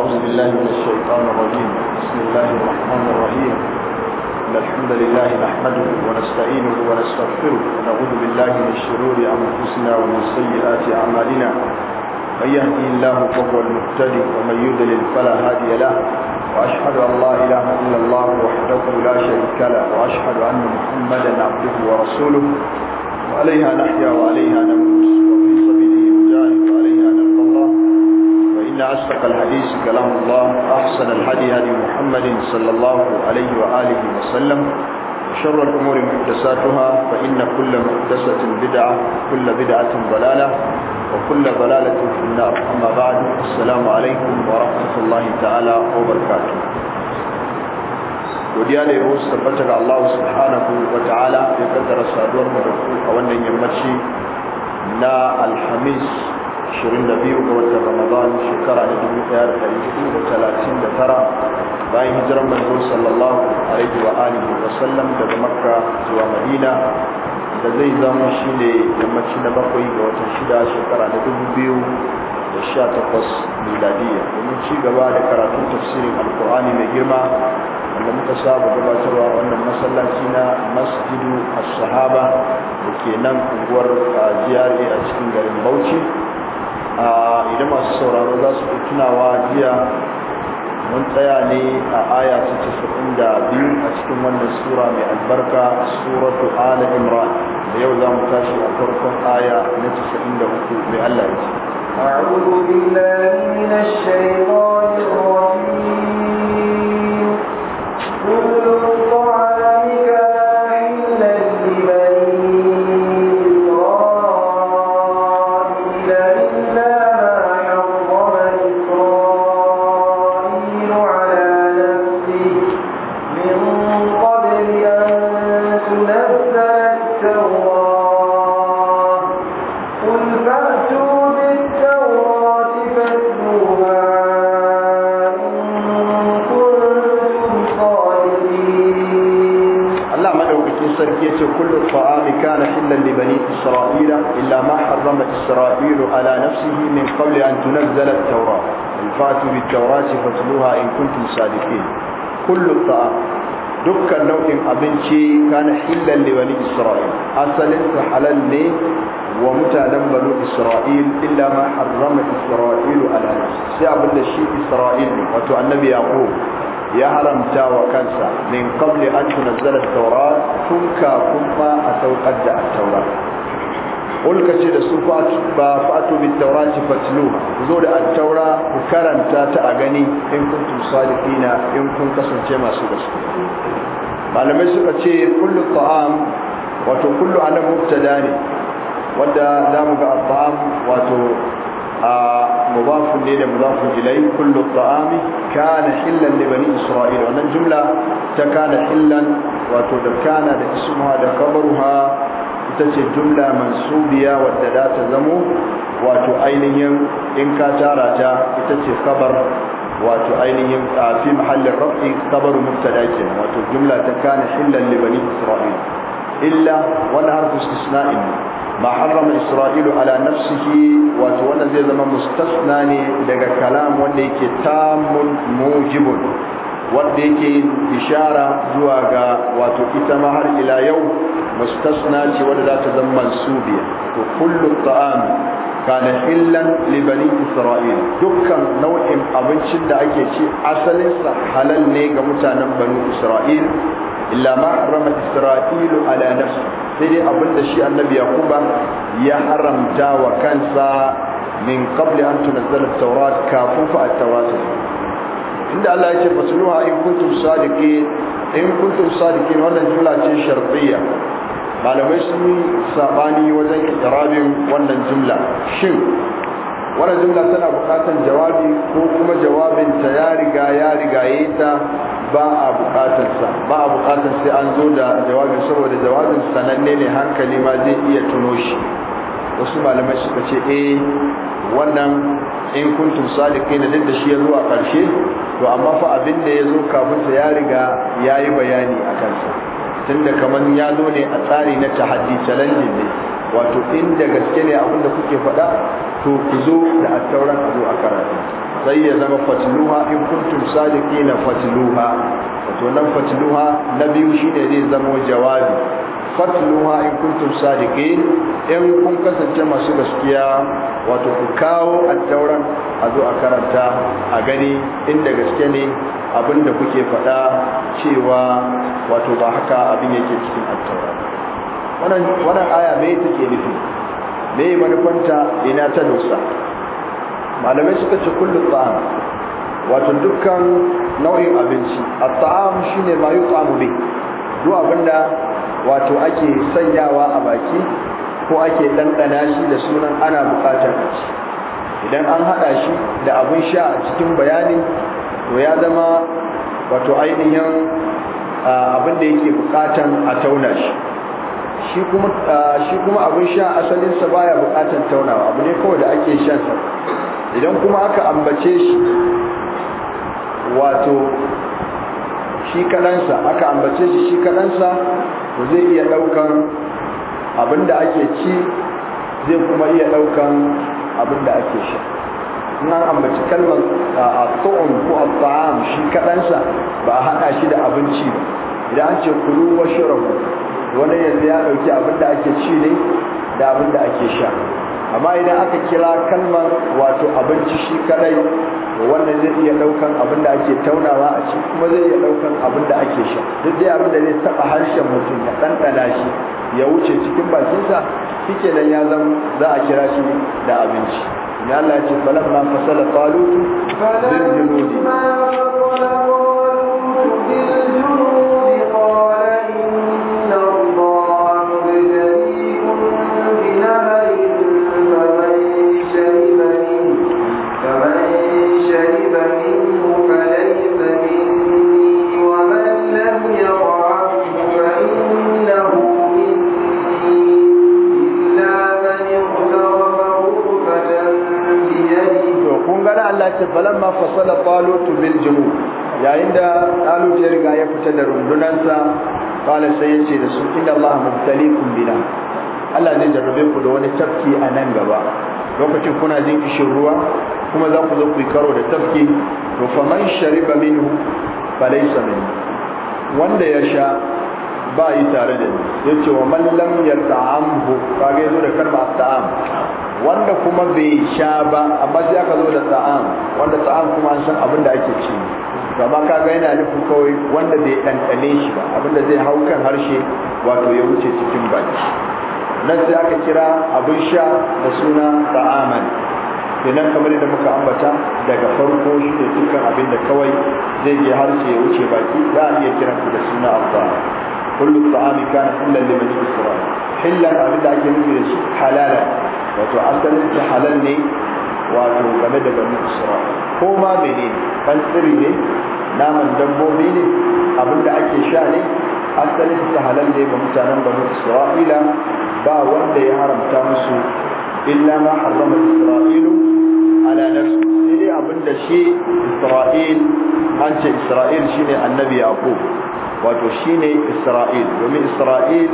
أعوذ بالله من الشيطان الرجيم بسم الله الرحمن الرحيم إن الحمد لله نحمده ونستعينه ونستغفره ونعوذ بالله من شرور أنفسنا ومن سيئات أعمالنا من يهدي الله فهو المهتدي ومن يضلل فلا هادي له وأشهد أن لا إله إلا الله وحده لا شريك له وأشهد أن محمدا عبده ورسوله وعليها نحيا وعليها نموت أصدق الحديث كلام الله أحسن الحدي هدي محمد صلى الله عليه وآله وسلم وشر الأمور محدثاتها فإن كل محدثة بدعة وكل بدعة ضلالة وكل ضلالة في النار أما بعد السلام عليكم ورحمة الله تعالى وبركاته godiya da yabo su tabbata ga Allah subhanahu wa ta'ala ya kaddara saduwar mu da ku a wannan yammaci na alhamis 22 ga watan ramadan shekara na 1439 bayan hijirar manzo sallallahu alaihi wa alihi wa sallam daga makka zuwa madina da zai zama shine yammaci na bakwai ga watan shida shekara na 2018 miladiya domin ci gaba da karatun tafsirin alkur'ani mai girma wanda muka saba gabatarwa wannan masallaci na masjidu as-sahaba da ke nan unguwar jiyari a cikin garin bauchi idan masu sauraro za su tunawa jiya mun tsaya ne a aya ta casa'in da biyu a cikin wannan sura mai albarka suratu ala imran da yau za mu tashi a farkon aya na casa'in da hudu mai allah ya ce أعوذ بالله من الشيطان kullu ta'am dukkan nau'in abinci kana hillan li bani isra'il asalin sa halal ne wa mutanen banu isra'il illa ma harrama isra'ilu ala sai abin da shi isra'il ne wato annabi yaqub ya haramta wa kansa min qabli an tunzala at-taurat tun kafin ma a saukar da at-taurat ulka ce da su ba fatu bi taurati fatlu zo da taura ku karanta ta a gani in kuntum sadiqina in kun kasance masu gaskiya malamai suka ce kullu ta'am wato kullu ala mubtada ne wanda zamu ga ta'am wato a mudafun ne da mudafun ilai kullu ta'ami kana hillan li bani isra'ila wannan jumla ta kana hillan wato da kana da ismuha da kabaruha ita ce jumla mansubiya wadda za ta zamo wato ainihin in ka tara ta ita ce kabar wato ainihin fi mahallin rafi kabar mubtada ke wato jumla ta kana hillan libanin bani isra'il illa wani harfu istisna'i ma harrama isra'ilu ala nafsihi wato wannan zai zama mustasna ne daga kalam wanda yake tamun mujibun wanda yake yin ishara zuwa ga wato ita ma har ila yau mustasna ce wanda za ta zama mansubiya to kullu ta'am kana illan li bani isra'il dukkan nau'in abincin da ake ci asalin sa halal ne ga mutanen bani isra'il illa ma harama isra'ilu ala nafsi sai dai abinda shi annabi yakuba ya haramta wa kansa min qabli an tunazzala at-taurat kafin at-taurat inda Allah ya ce fasluha in kuntum sadiqin in kuntum sadiqin wannan jumla ce shartiyya malamai sun yi sabani wajen ikrabin wannan jumla shin wannan jumla tana bukatan jawabi ko kuma jawabin ta ya riga ya rigaye ta ba a bukatar sa ba a bukatar sai an zo da jawabi saboda jawabin sananne ne hankali ma zai iya tuno shi wasu malamai suka ce eh wannan in kuntum sadiqina duk da shi ya zuwa karshe to amma fa abin da ya zo kafinsa ya riga ya yi bayani a kansa tunda kamar ya zo ne a tsari na tahaddi challenging ne wato inda gaske ne abin da kuke faɗa to ku zo da attauran ku zo a karatu sai ya zama fatiluha in kuntum sadiqina fatiluha wato nan fatiluha na biyu shine zai zama jawabi fatluha in kuntum sadiqin in kun kasance masu gaskiya wato ku kawo attauran a zo a karanta a gani inda gaske ne abinda kuke faɗa cewa wato ba haka abin yake cikin Attauran. wannan wannan aya me take nufi me manufanta ina ta nusa malamai suka ce kullu ta'am wato dukkan nau'in abinci at-ta'am shine ma yut'amu bihi duk abinda wato ake sanyawa a baki ko ake ɗanɗana shi da sunan ana buƙatar shi, idan an haɗa shi da abin sha a cikin bayani to ya zama wato ainihin abin da yake buƙatan a tauna shi shi kuma shi kuma abin sha asalinsa baya buƙatan taunawa abu ne kawai da ake shansa idan kuma aka ambace shi wato shi kaɗansa aka ambace shi shi kaɗansa to zai iya ɗaukan abinda da ake ci zai kuma iya ɗaukan abinda da ake sha nan ambaci kalmar a tsohon ko a ta'am shi kaɗansa ba a haɗa shi da abinci ba idan an ce kulu wa shirabu wani yanzu ya ɗauki abin da ake ci ne da abin da ake sha amma idan aka kira kalmar wato abinci shi kadai wannan zai iya daukan abin da ake taunawa a ci kuma zai iya daukan abin da ake sha duk dai abin da zai taba harshen mutum ya ɗanɗana shi ya wuce cikin bakinsa shike nan ya zama za a kira shi da abinci ya Allah ya ce falamma fasala falamma fasala talutu bil jumu yayin da talut ya riga ya fita da rundunansa qala sai yace da su inna allaha mubtaliikum bina Allah zai jarrabe ku da wani tafki a nan gaba lokacin kuna jin kishin ruwa kuma za ku zo ku yi karo da tafki to man shariba minhu falaysa min wanda ya sha ba yi tare da ni yace wa man lam yata'amhu kage zo da karba ta'am wanda kuma bai sha ba amma sai aka zo da sa'an wanda sa'an kuma an san abin da ake ci amma kaga yana nufin kawai wanda bai ɗanɗane shi ba abin da zai hau kan harshe wato ya wuce cikin baki nan sai aka kira abin sha da suna sa'aman kenan kamar da muka ambata daga farko shi ne dukkan abin da kawai zai je harshe ya wuce baki za a iya kiransa da suna abba kullu ta'ami kana kullan li bani isra'il hillan ake nufi da shi halala wato asalin ta halal ne wato game da bani isra'il ko ma menene kan tsiri ne naman dabbobi ne abin ake sha ne asalin ta halal ne ga mutanen bani isra'ila ba wanda ya haramta musu illa ma harrama isra'ilu ala nafsi sai dai abin shi isra'il an ce isra'il shine annabi yaqub wato shine isra'il domin isra'il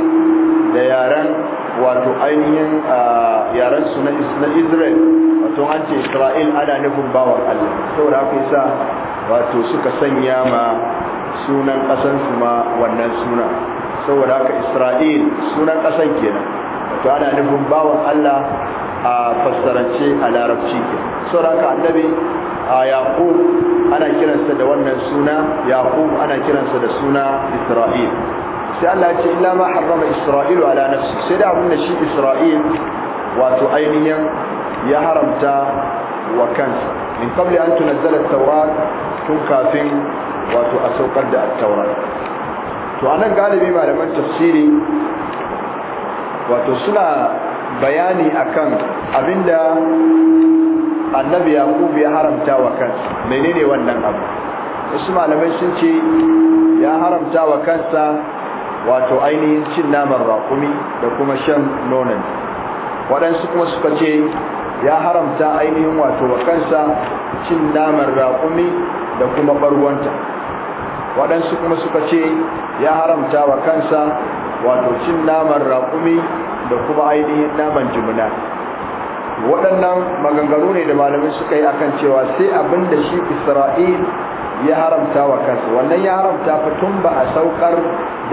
da yaren wato ainihin yaren su na israel wato an ce isra'il ana nufin bawan allah Sau da haka Isa wato suka sanya ma sunan ƙasansu ma wannan suna Sau da haka isra'il sunan ƙasan kenan wato ana nufin bawan allah a fassarance a larabci ke sauraka annabi a yaqub ana kiransa da wannan suna yaqub ana kiransa da suna isra'il sai Allah ya ce illa ma harrama isra'ilu ala nafsi sai da abin da shi isra'il wato ainihin ya haramta wa kansa min qabli an tunazzala at-taurat tun kafin wato a saukar da at-taurat to anan galibi malaman tafsiri wato suna bayani akan abinda annabi yaqub ya haramta wa kansa menene wannan abu wasu malamai sun ce ya haramta wa kansa wato ainihin cin naman raƙumi da kuma shan nonon waɗansu kuma suka ce ya haramta ainihin wato wa kansa cin naman raƙumi da kuma ɓarwanta. waɗansu kuma suka ce ya haramta wa kansa wato cin naman raƙumi da kuma ainihin naman jimina waɗannan maganganu ne da malamin suka yi akan cewa sai abin da shi isra'il ya haramta wa kansu wannan ya haramta fa tun ba a saukar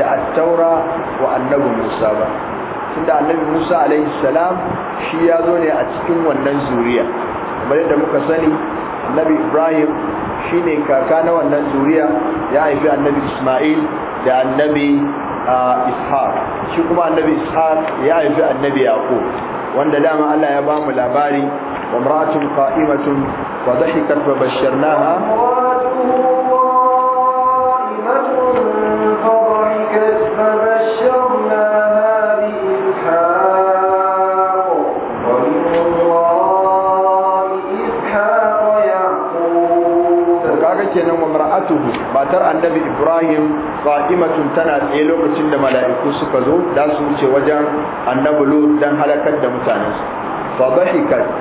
da taura wa annabi musa ba tunda annabi musa alaihi salam shi ya zo ne a cikin wannan zuriya kamar yadda muka sani annabi ibrahim shi ne kaka na wannan zuriya ya haifi annabi isma'il da annabi ah, ishaq shi kuma annabi ishaq ya haifi annabi yaqub wanda dama Allah ya ba mu labari wa imra'atun qa'imatun wa dhahikat wa basharnaha wa matar annabi ibrahim faimatun tana tsaye lokacin da mala'iku suka zo da su wuce wajen annabi lut dan halakar da mutanensu fa da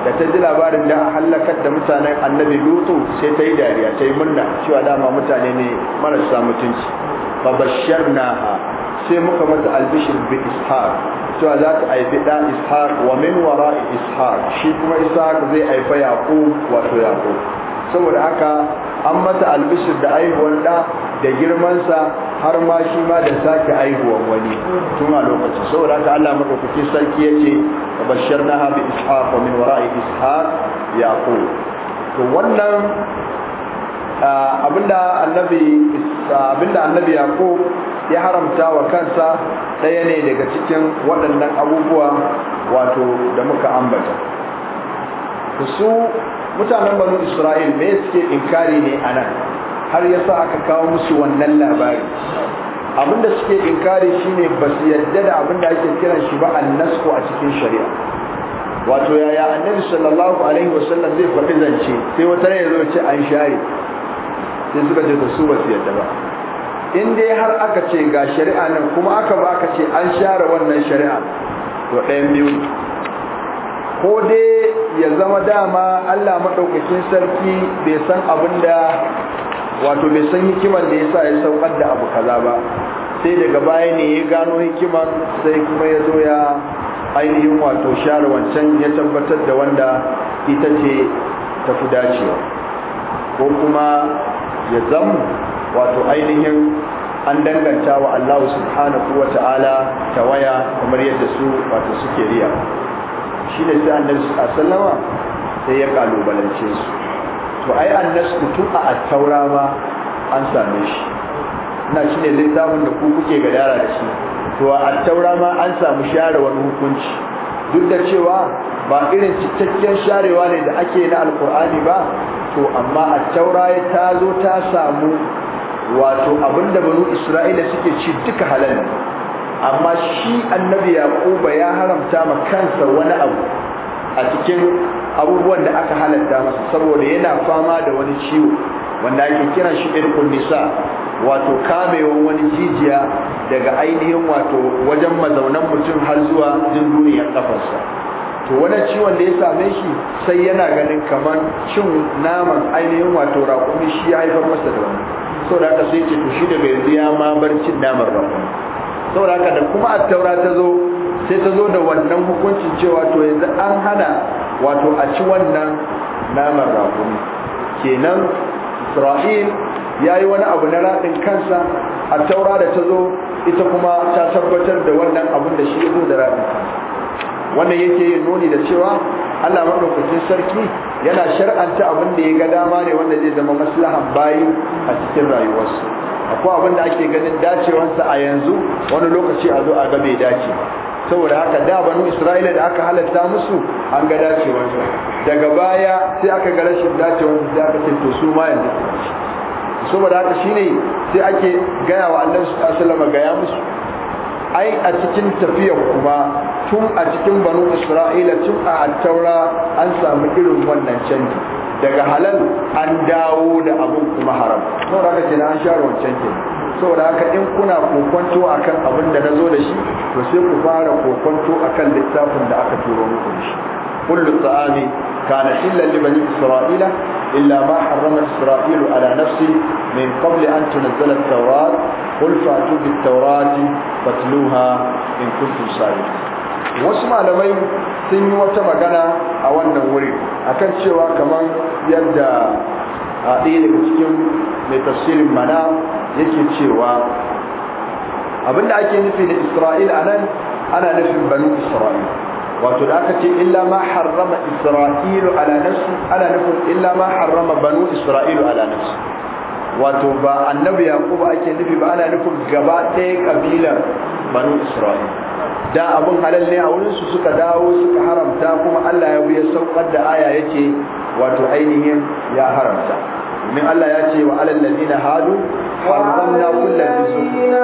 ta ji labarin da halakar da mutanen annabi lutu sai ta yi dariya ta yi murna cewa dama mutane ne marasa mutunci fa basharnaha sai muka mata albishir bi ishaq cewa za ta haifi ɗan ishaq wa min wara ishaq shi kuma ishaq zai haifa yaqub wato yaqub saboda haka an mata albishir da aihuwar da da girmansa har ma shi ma da sake aihuwar wani tun a lokaci saboda ta Allah madaukaki sarki yace basharnaha bi ishaq wa min wara'i ishaq yaqub to wannan abinda annabi abinda annabi yaqo ya haramta wa kansa ɗaya ne daga cikin waɗannan abubuwa wato da muka ambata su mutanen banu isra'il me suke inkari ne a nan har ya sa aka kawo musu wannan labari abinda suke inkari shine ba su yadda da abinda ake kiran shi ba annasku a cikin shari'a wato yaya annabi sallallahu alaihi wasallam zai faɗi zance sai wata ne zo ce an share sai suka ce da su ba su yadda ba in dai har aka ce ga shari'a nan kuma aka ba aka ce an share wannan shari'a to ɗayan biyu ko dai ya zama dama Allah maɗaukakin sarki bai san abin da wato bai san hikimar da ya sa ya saukar da abu kaza ba sai daga baya ne ya gano hikimar sai kuma ya zo ya ainihin wato share wancan ya tabbatar da wanda ita ce ta fi dacewa ko kuma ya zama wato ainihin an danganta wa Allah subhanahu wa ta'ala waya kamar yadda su wato suke riya shi ne sai annabi sallama sai ya kalubalance su to ai annabi tun a attaura ma an same shi ina shi ne littafin da ku kuke ga yara da shi to a attaura ma an samu share wani hukunci duk da cewa ba irin cikakken sharewa ne da ake na alkur'ani ba to amma attaura ya ta zo ta samu wato abinda banu isra'ila suke ci duka halal ne amma shi annabi yaquba ya haramta ma kansa wani abu a cikin abubuwan da aka halatta masa saboda yana fama da wani ciwo wanda ake kira shi irkun nisa wato kamewan wani jijiya daga ainihin wato wajen mazaunan mutum har zuwa jin duniyar kafarsa to wani ciwon da ya same shi sai yana ganin kamar cin naman ainihin wato raƙumi shi ya haifar masa da wani sau da haka sai ce to shi daga yanzu ya ma bar cin naman raƙumi saboda haka da kuma attaura ta zo sai ta zo da wannan hukuncin cewa to yanzu an hana wato a ci wannan naman rakumi kenan isra'il ya yi wani abu na raɗin kansa a taura da ta zo ita kuma ta tabbatar da wannan abin da shi ya da raɗin wannan yake yin nuni da cewa Allah maɗaukacin sarki yana shar'anta abin da ya ga dama ne wanda zai zama maslahan bayi a cikin rayuwarsu akwai abin da ake ganin dacewansa a yanzu wani lokaci a zo a ga bai dace saboda haka da banu isra'ila da aka halatta musu an ga dacewansa daga baya sai aka ga rashin dacewansa sai aka tinto su ma yanzu saboda haka shine sai ake gaya wa allah su alaihi wasallam gaya musu ai a cikin tafiyar kuma tun a cikin banu isra'ila tun a attaura an samu irin wannan canji daga halal an dawo da abin kuma haram da haka na an share wancan Sau da haka in kuna kokonto akan abin da na zo da shi to sai ku fara kokonto akan littafin da aka turo muku da shi kullu ta'ami kana illa li bani isra'ila illa ma harrama isra'ilu ala nafsi min qabli an tunzala at-taurat qul fa'tu bit-taurati fatluha in kuntum sadiqin wasu malamai sun yi wata magana a wannan wurin akan cewa kamar yadda a ɗaya daga cikin mai tafsirin mana yake cewa abinda ake nufi da isra'il nan ana nufin banu isra'ila wato da aka ce illa ma harrama isra'ilu ala nafsi ana nufin illa ma harrama banu isra'ilu ala nafsi wato ba annabi yaqub ake nufi ba ana nufin gaba ɗaya kabilar banu isra'ila. da abun halal ne a wurin su suka dawo suka haramta kuma Allah ya buye saukar da aya yake wato ainihin ya haramta min Allah ya ce wa alal ladina hadu farramna kullu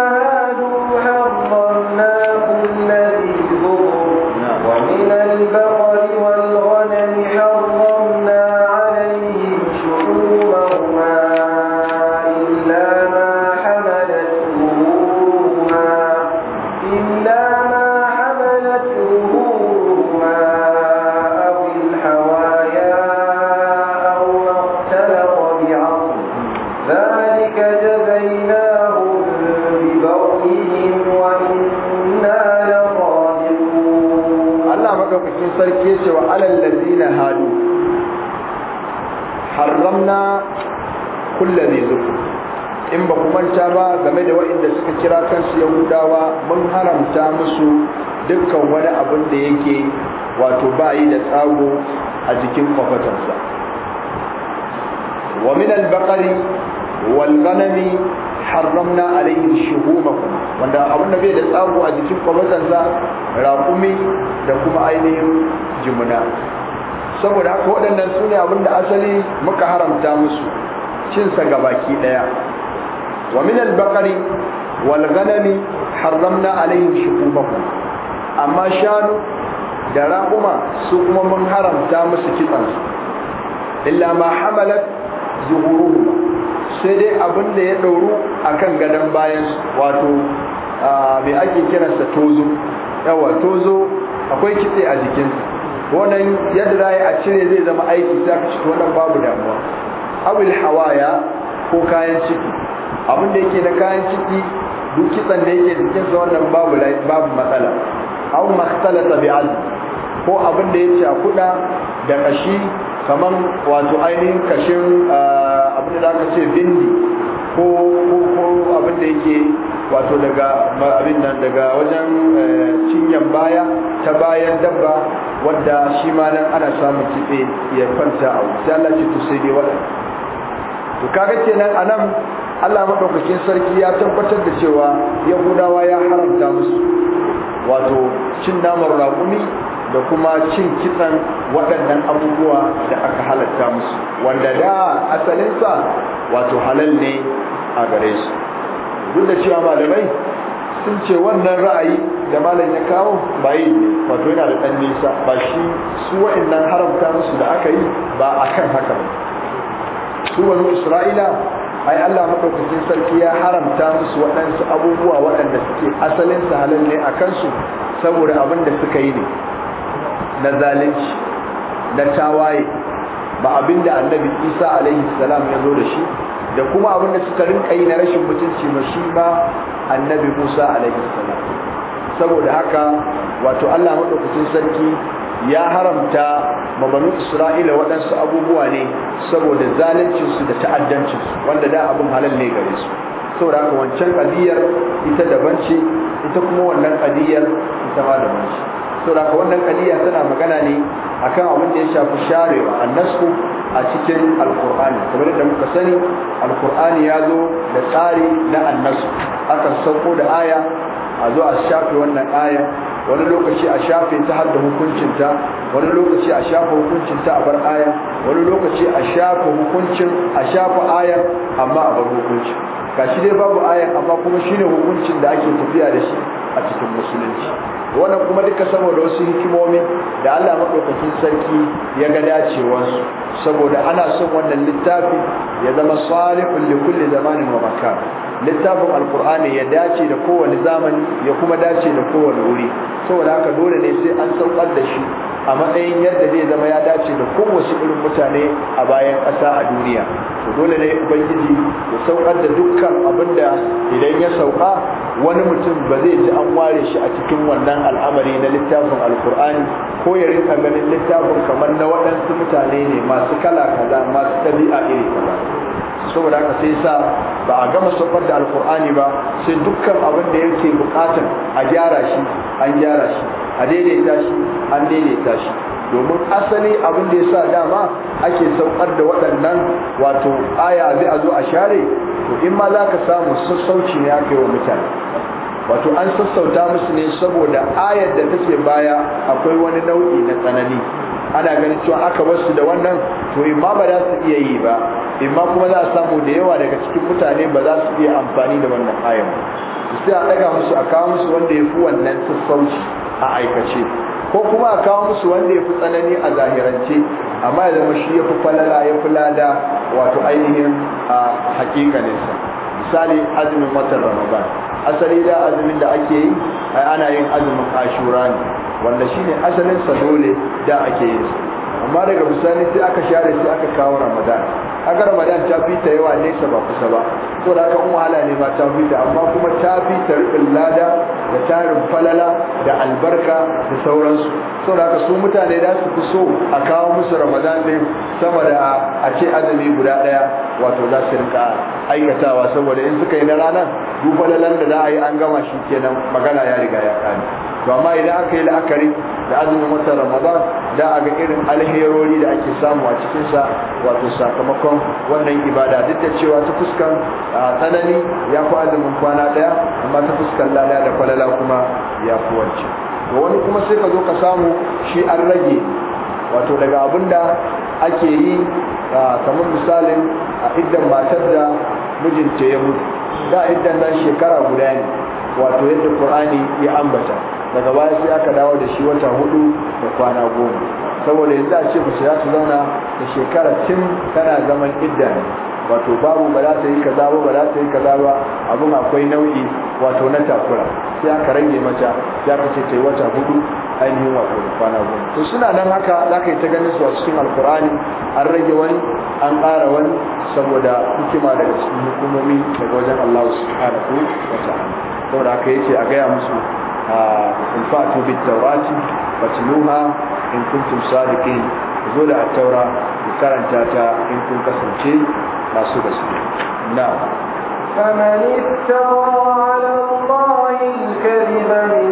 hadu harramna kira kansu yahudawa mun haramta musu dukkan wani abin da yake wato bayi da tsago a jikin kwafatansa wa min al-baqari wal ghanami harramna alayhim shuhumakum wanda abun da bai da tsago a jikin kwafatansa raƙumi da kuma ainihin jimuna saboda haka waɗannan su ne abin da asali muka haramta musu cinsa gabaki ɗaya wa min al-baqari wal harramna alaihim shukumahum amma shanu da raƙuma su kuma mun haramta musu su. illa ma hamalat zuhuruhum sai dai abin da ya ɗauru akan gadon bayan wato bai ake kiransa tozo yawa tozo akwai kitse a jikinsa wannan yadda za a cire zai zama aiki za ka ciki wannan babu damuwa awil hawaya ko kayan ciki abin da yake na kayan ciki duk kitsan da yake jikin sa wannan babu babu matsala aw makhtalata bi ko abin da yake kuda da kashi kaman wato ainihin kashin abin da zaka ce bindi ko ko abin da yake wato daga abin nan daga wajen eh, cinyan baya ta bayan dabba wadda shi ma nan ana samun kitse ya kwanta a wuce Allah ce to sai dai to kaga kenan anan Allah madaukakin sarki ya tabbatar da cewa yahudawa ya haramta musu wato cin naman raƙumi da kuma cin kitsan waɗannan abubuwa da aka halatta musu wanda da asalinsa wato halal ne a gare su duk da cewa malamai sun ce wannan ra'ayi da malam ya kawo ba yi ne wato yana da ɗan nisa ba shi su waɗannan haramta musu da aka yi ba a kan haka ba su wani isra'ila ai Allah madaukakin sarki ya haramta musu waɗansu abubuwa waɗanda suke asalin su halal ne a kansu saboda abin da suka yi ne na zalunci na tawaye ba abin da annabi isa alaihi salam ya zo da shi da kuma abin da suka rinka yi na rashin mutunci ma shi ba annabi musa alaihi salam saboda haka wato Allah madaukakin sarki ya haramta mabanu isra'ila waɗansu abubuwa ne saboda zaluncinsu da ta'addancinsu wanda da abin halal ne gare su saboda haka wancan ƙadiyar ita daban ita kuma wannan ƙadiyar ita ma daban ce saboda haka wannan tana magana ne akan abin da ya shafi sharewa annasku a cikin alkur'ani kamar da muka sani alkur'ani ya zo da tsari na annasu akan sauko da aya a zo a shafe wannan aya wani lokaci a shafe ta har hukuncinta wani lokaci a shafa hukuncinta a bar aya wani lokaci a shafa hukuncin a shafe aya amma a bar hukunci shi dai babu aya amma kuma shine hukuncin da ake tafiya da shi a cikin musulunci wannan kuma duka saboda wasu hikimomi da Allah madaukakin sarki ya ga dacewarsu saboda ana son wannan littafi ya zama salihun li kulli zamanin wa makan littafin alkur'ani ya dace da kowane zamani ya kuma dace da kowane wuri saboda haka dole ne sai an saukar da shi a matsayin yadda zai zama ya dace da kowace irin mutane a bayan ƙasa a duniya to dole ne ubangiji ya saukar da dukkan abin da idan ya sauka wani mutum ba zai ji an ware shi a cikin wannan al'amari na littafin alkur'ani ko ya rinka ganin littafin kamar na waɗansu mutane ne masu kala kaza masu ɗabi'a iri kaza saboda haka sai sa ba a gama saukar da alkur'ani ba sai dukkan abin da yake bukatar a gyara shi an gyara shi a daidaita shi an daidaita shi domin asali abin da ya sa dama ake saukar da waɗannan wato aya zai a zo a share to in ma za ka samu sassauci ne aka yi wa mutane wato an sassauta musu ne saboda ayar da take baya akwai wani nau'i na tsanani ana ganin cewa aka basu da wannan to imma ba za su iya yi ba imma kuma za a samu da yawa daga cikin mutane ba za su iya amfani da wannan ayan sai a daga musu a kawo musu wanda ya fi wannan sassauci a aikace ko kuma a kawo musu wanda ya fi tsanani a zahirance amma ya zama shi ya fi falala ya fi lada wato ainihin a hakikaninsa misali azumin watan ramadan asali da azumin da ake yi ana yin azumin ashura ne wanda shine asalin sa dole da ake yin amma daga bisani sai aka share sai aka kawo ramadan aga ramadan ta fi ta yawa nesa ba kusa ba ko da kan wahala ne ba ta fita amma kuma ta fi tarbin lada da tarin falala da albarka da sauransu so da su mutane da su fi so a kawo musu ramadan din sama da a ce azumi guda ɗaya wato za su rinka aikatawa saboda in suka yi na ranar duk falalan da za a yi an gama shi kenan magana ya riga ya kani to amma idan aka yi la'akari da azumin watan ramadan da a ga irin alherori da ake samu a cikinsa wato sakamakon wannan ibada duk da cewa ta fuskan tsanani ya fi azumin kwana daya amma ta fuskar lalaya da kwalala kuma ya fi wance wani kuma sai ka zo ka samu shi an rage wato daga abin da ake yi kamar misalin a idan matar da mijinta ya mutu da idan nan shekara guda ne wato yadda qur'ani ya ambata daga baya sai aka dawo da shi wata hudu da kwana goma saboda yanzu a ce mace za ta zauna da shekara tun tana zaman idda wato babu ba za ta yi kaza ba ba za ta yi kaza ba abin akwai nau'i wato na takura sai aka rage mata ya ka ce ta wata hudu ainihin wato kwana goma to suna nan haka za ka yi ta ganin su a cikin alkur'ani an rage wani an ƙara wani saboda hikima daga cikin hukumomi daga wajen allah subhanahu Ko saboda haka yake a gaya musu ah, in fatu bit tawrati fatluha in kuntum sadiqin zo da taura ku karanta ta in kun kasance masu gaskiya na'am فمن افترى على الله الكذب من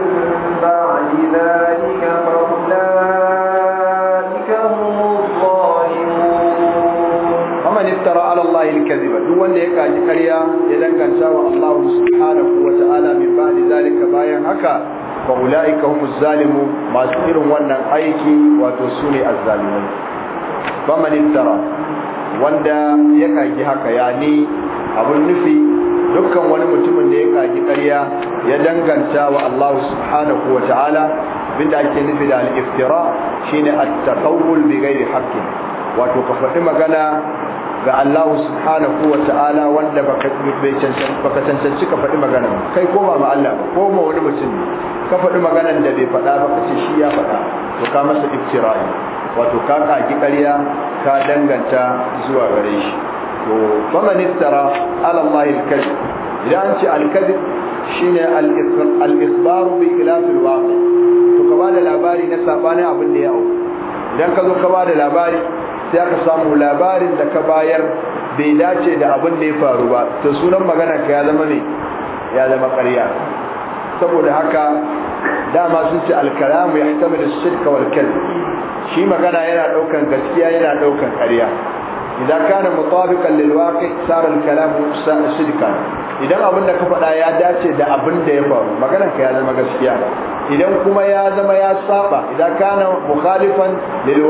بعد ذلك فأولئك هم الظالمون فمن افترى على الله الكذب duk wanda ya kaji ƙarya ya danganta wa Allah subhanahu wa ta'ala min ba'di zalika bayan haka fa ulaika humuz zalimun masu irin wannan aiki wato sune azzalimun faman wanda ya kagi haka ya ne abin nufi dukkan wani mutumin da ya kagi ƙarya ya danganta wa Allah subhanahu wa ta'ala bin da ake nufi da al'iftira shi ne a taqawwul bi ghairi haqqin wato ka faɗi magana ga Allah subhanahu wa ta'ala wanda baka cancanci ka faɗi magana kai koma ba Allah ko koma wani mutum ka faɗi magana da bai faɗa ba kace shi ya faɗa to ka masa iftira'i wato ka kagi ƙarya ka danganta zuwa gare shi to faman iftara ala Allah al idan an ce al shine al-isbar bi khilaf al-waqi to ka bada labari na sabani abin da ya auku idan ka zo ka bada labari sai ka samu labarin da ka bayar bai dace da abin da ya faru ba to sunan magana ka ya zama ne ya zama ƙarya saboda haka dama sun ce alkalamu ya tamil shirka wal kadhib shi magana yana daukan gaskiya yana daukan karya. idan kana mutafiqan lil waqi sara alkalamu shirka idan abin da ka faɗa ya dace da abin da ya faru maganar ka ya zama gaskiya idan kuma ya zama ya saba idan kana mukhalifan lil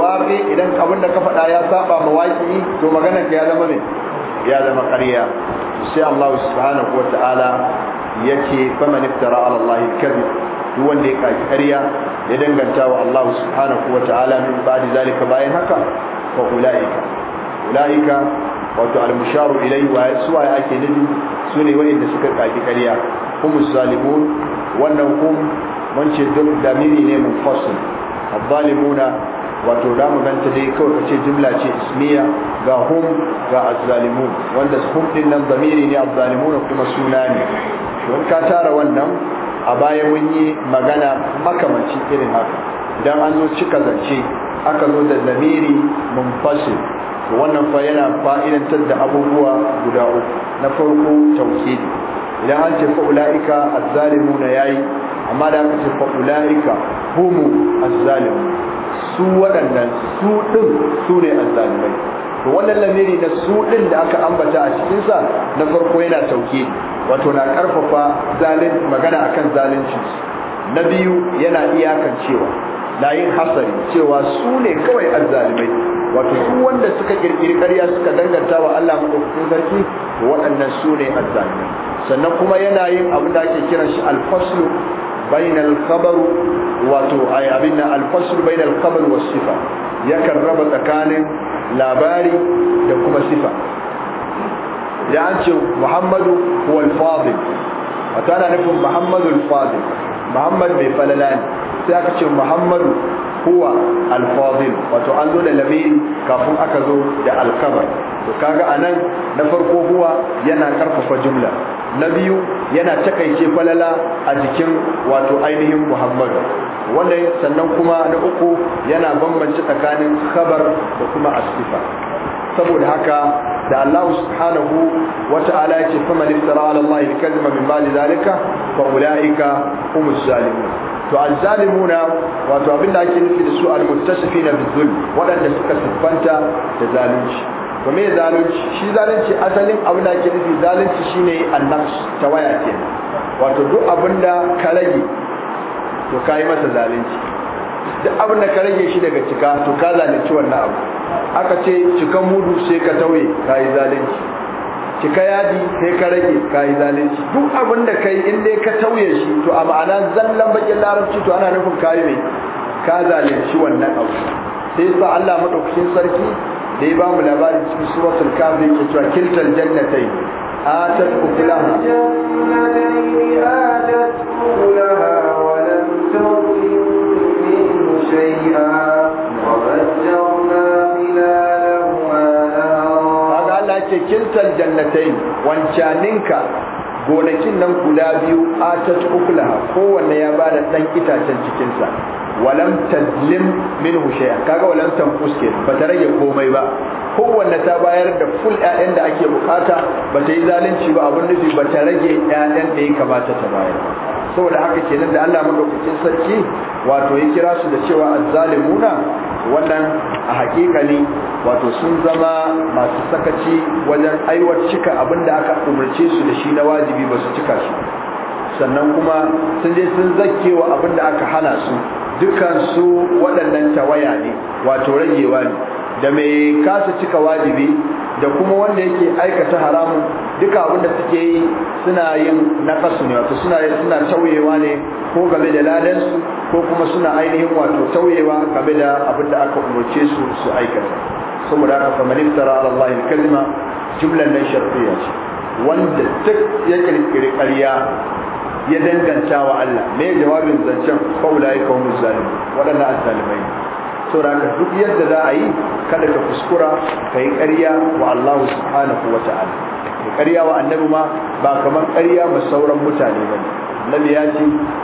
idan abin da ka faɗa ya saba ma to maganar ka ya zama ne ya zama ƙarya sai Allah subhanahu wa ta'ala yace faman iftara ala Allah kadhib duk wanda ya kaji ƙarya ya danganta wa Allah subhanahu wa ta'ala min ba'di zalika bayan haka fa ulaika ulaika wato al-musharu ilayhi wa suwa ake nufi sune wanda suka kaji ƙarya kum zalimun wannan kum mun ce duk damiri ne munfasil al-zalimuna wato da mun ganta dai kawai kace jumla ce ismiya ga hum ga azzalimun wanda hum din nan zamiri ne azzalimun kuma suna ne don ka tara wannan a baya mun yi magana makamancin irin haka idan an zo cika zance aka zo da mun munfasil wannan fa yana fa'idantar da abubuwa guda uku na farko tauhidi idan an ce fa ulaika azzalimuna yayi amma da aka ce fa ulaika humu azzalimun su waɗannan su ɗin su ne azzalimai to wannan lamiri na su din da aka ambata a cikin sa na farko yana tauke wato na karfafa zalin magana akan zalunci na biyu yana cewa, na yin hasari cewa su ne kawai azzalimai wato su wanda suka kirkiri ƙarya suka danganta wa Allah madaukakin sarki waɗannan su ne azzalimai sannan kuma yana yin abin da ake kiran shi alfaslu bainal khabar wato ay abinna al fasl bainal khabar wa sifa yakan raba tsakanin labari da kuma sifa da an ce muhammadu huwa al fadil ana nufin muhammadu al fadil muhammad mai falala ne sai aka ce muhammadu huwa alfadil wato an zo da lamiri kafin aka zo da alkabar to kaga anan na farko huwa yana karfafa jumla na biyu yana takaice falala a jikin wato ainihin muhammadu wanda sannan kuma na uku yana bambance tsakanin khabar da kuma asifa saboda haka da Allah subhanahu wata'ala yake faman iftara ala Allah kadhaba min ba'di zalika fa ulaika humus zalimun to alzalimuna wato abin da ake nufi da su almuttasifina bizul waɗanda suka siffanta da zalunci to me zalunci shi zalunci asalin abin da ake nufi zalunci shine ta tawaya kenan wato duk abin da ka rage to kai masa zalunci duk abin da ka rage shi daga cika to ka zalunci wannan abu aka ce cikan mudu sai ka tauye kai zalunci cika yadi sai ka rage ka yi zalunci duk abin da kai in dai ka tauye shi to a ma'ana zallan bakin larabci to ana nufin kayi mai ka zalunci wannan abu sai sa Allah madaukakin sarki da ya ba mu labarin cikin suratul kafir yake cewa kiltal jannatai atat ukulaha atat ce kiltal jannatai wancaninka gonakin nan guda biyu a atat ukulaha kowanne ya bada dan itacen cikinsa walam tazlim minhu shay'a kaga walam tanqus ke ba ta rage komai ba kowanne ta bayar da full ƴaƴan da ake bukata ba ta yi zalunci ba abin nufi ba ta rage ƴaƴan da ya kamata ta bayar saboda haka kenan da Allah madaukakin sarki wato ya kira su da cewa azzalimuna wannan a ne? wato sun zama masu sakaci wajen aiwar cika abinda aka umarce su da shi na wajibi ba su cika shi sannan kuma sun je sun zakke wa abin da aka hana su dukansu waɗannan tawaya ne wato ragewa ne da mai kasa cika wajibi da kuma wanda yake aikata haramun duka abin da suke yi suna yin nakasu ne wato suna suna tauyewa ne ko game da ladan su ko kuma suna ainihin wato tauyewa game da abin da aka umarce su su aikata saboda haka fa man iftara ala Allah kalima jumlan nan shartiyya ce wanda duk ya kirkiri ƙarya ya danganta wa Allah me jawabin zancen faulai kaumuz zalimi wadannan azzalimai saboda duk yadda za a yi kada ka kuskura ka yi ƙarya wa Allah subhanahu wa ta'ala da ƙarya wa annabi ma ba kamar ƙarya ma sauran mutane ba lalle ya ce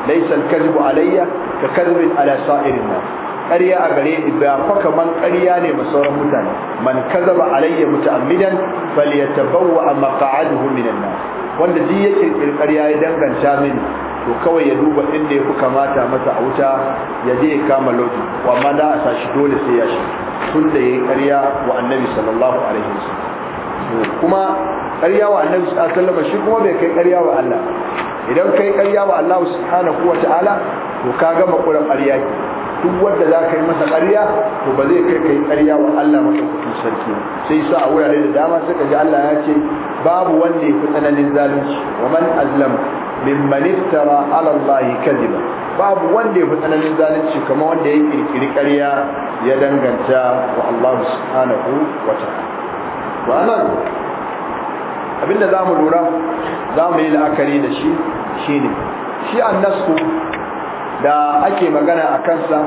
laysal kadhibu alayya ka kadhibin ala sa'irin nas ƙarya a gare ni ba fa kaman ƙarya ne ma sauran mutane man kadhaba alayya muta'ammidan falyatabawwa maq'adahu minan nas wanda duk yake ƙarya ya danganta mini to kawai ya duba inda ya fi kamata masa a wuta ya je ya kama lodi ma da a sashi dole sai ya shi tun da ya yi ƙarya wa annabi sallallahu alaihi wasallam kuma ƙarya wa annabi sallallahu alaihi wasallam shi kuma bai kai ƙarya wa Allah idan kai ƙarya wa Allah subhanahu wa ta'ala to ka gama ƙuran ƙarya ki duk wanda za ka yi masa ƙarya to ba zai kai ka yi ƙarya wa Allah maɗaukakin sarki sai sa a wurare da dama suka ji Allah ya ce babu wanda ya fi tsananin zalunci wa man azlam man iftara ala Allah kadiba babu wanda ya fi tsananin zalunci kamar wanda ya kirkiri ƙarya ya danganta wa Allah subhanahu wa ta'ala to anan abinda zamu lura zamu yi la'akari da shi shine shi annasku da ake magana a kansa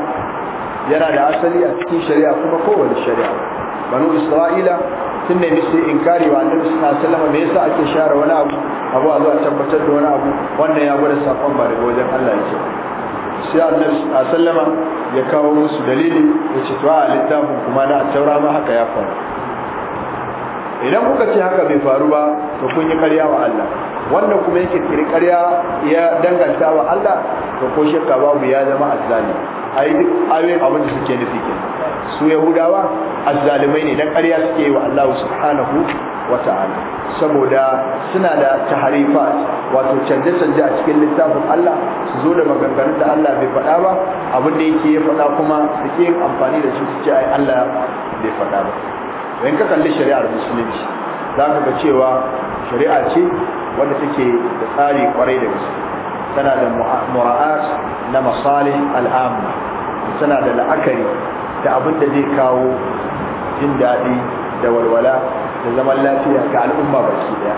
yana da asali a cikin shari'a kuma kowane shari'a banu isra'ila sun nemi in inkari wa annabi sallallahu alaihi me yasa ake share wani abu abu a zuwa tabbatar da wani abu wannan ya gwada sakon ba daga wajen Allah yake sai annabi sallallahu alaihi ya kawo musu dalili ya ce to a littafin kuma na taura ma haka ya faru idan kuka ce haka bai faru ba to kun yi karya wa Allah Wannan kuma yake kiri karya ya danganta wa Allah to ko ba babu ya zama azzali ai duk ayoyin abin da suke nufi ke su yahudawa azzalimai ne dan karya suke yi wa Allah subhanahu wa ta'ala saboda suna da taharifat wato canje canje a cikin littafin Allah su zo da maganganun da Allah bai faɗa ba abin da yake ya faɗa kuma suke amfani da shi su ce ai Allah bai faɗa ba in ka kalli shari'ar musulunci za ka ga cewa shari'a ce wanda take da tsari kwarai da gaske tana da mura'at na masali al'amma tana da la'akari da abin da zai kawo jin daɗi da walwala da zaman lafiya ga al'umma baki daya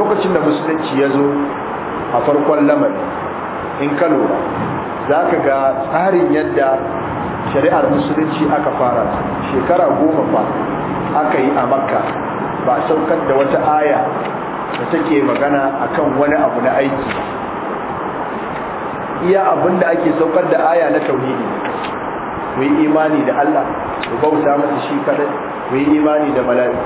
lokacin da musulunci ya zo a farkon lamari in ka lura za ka ga tsarin yadda shari'ar musulunci aka fara shekara goma ba aka yi a makka ba saukar da wata aya da take magana akan wani abu na aiki iya abin da ake saukar da aya na tauhidi ku yi imani da Allah ku bauta masa shi kadai ku yi imani da malari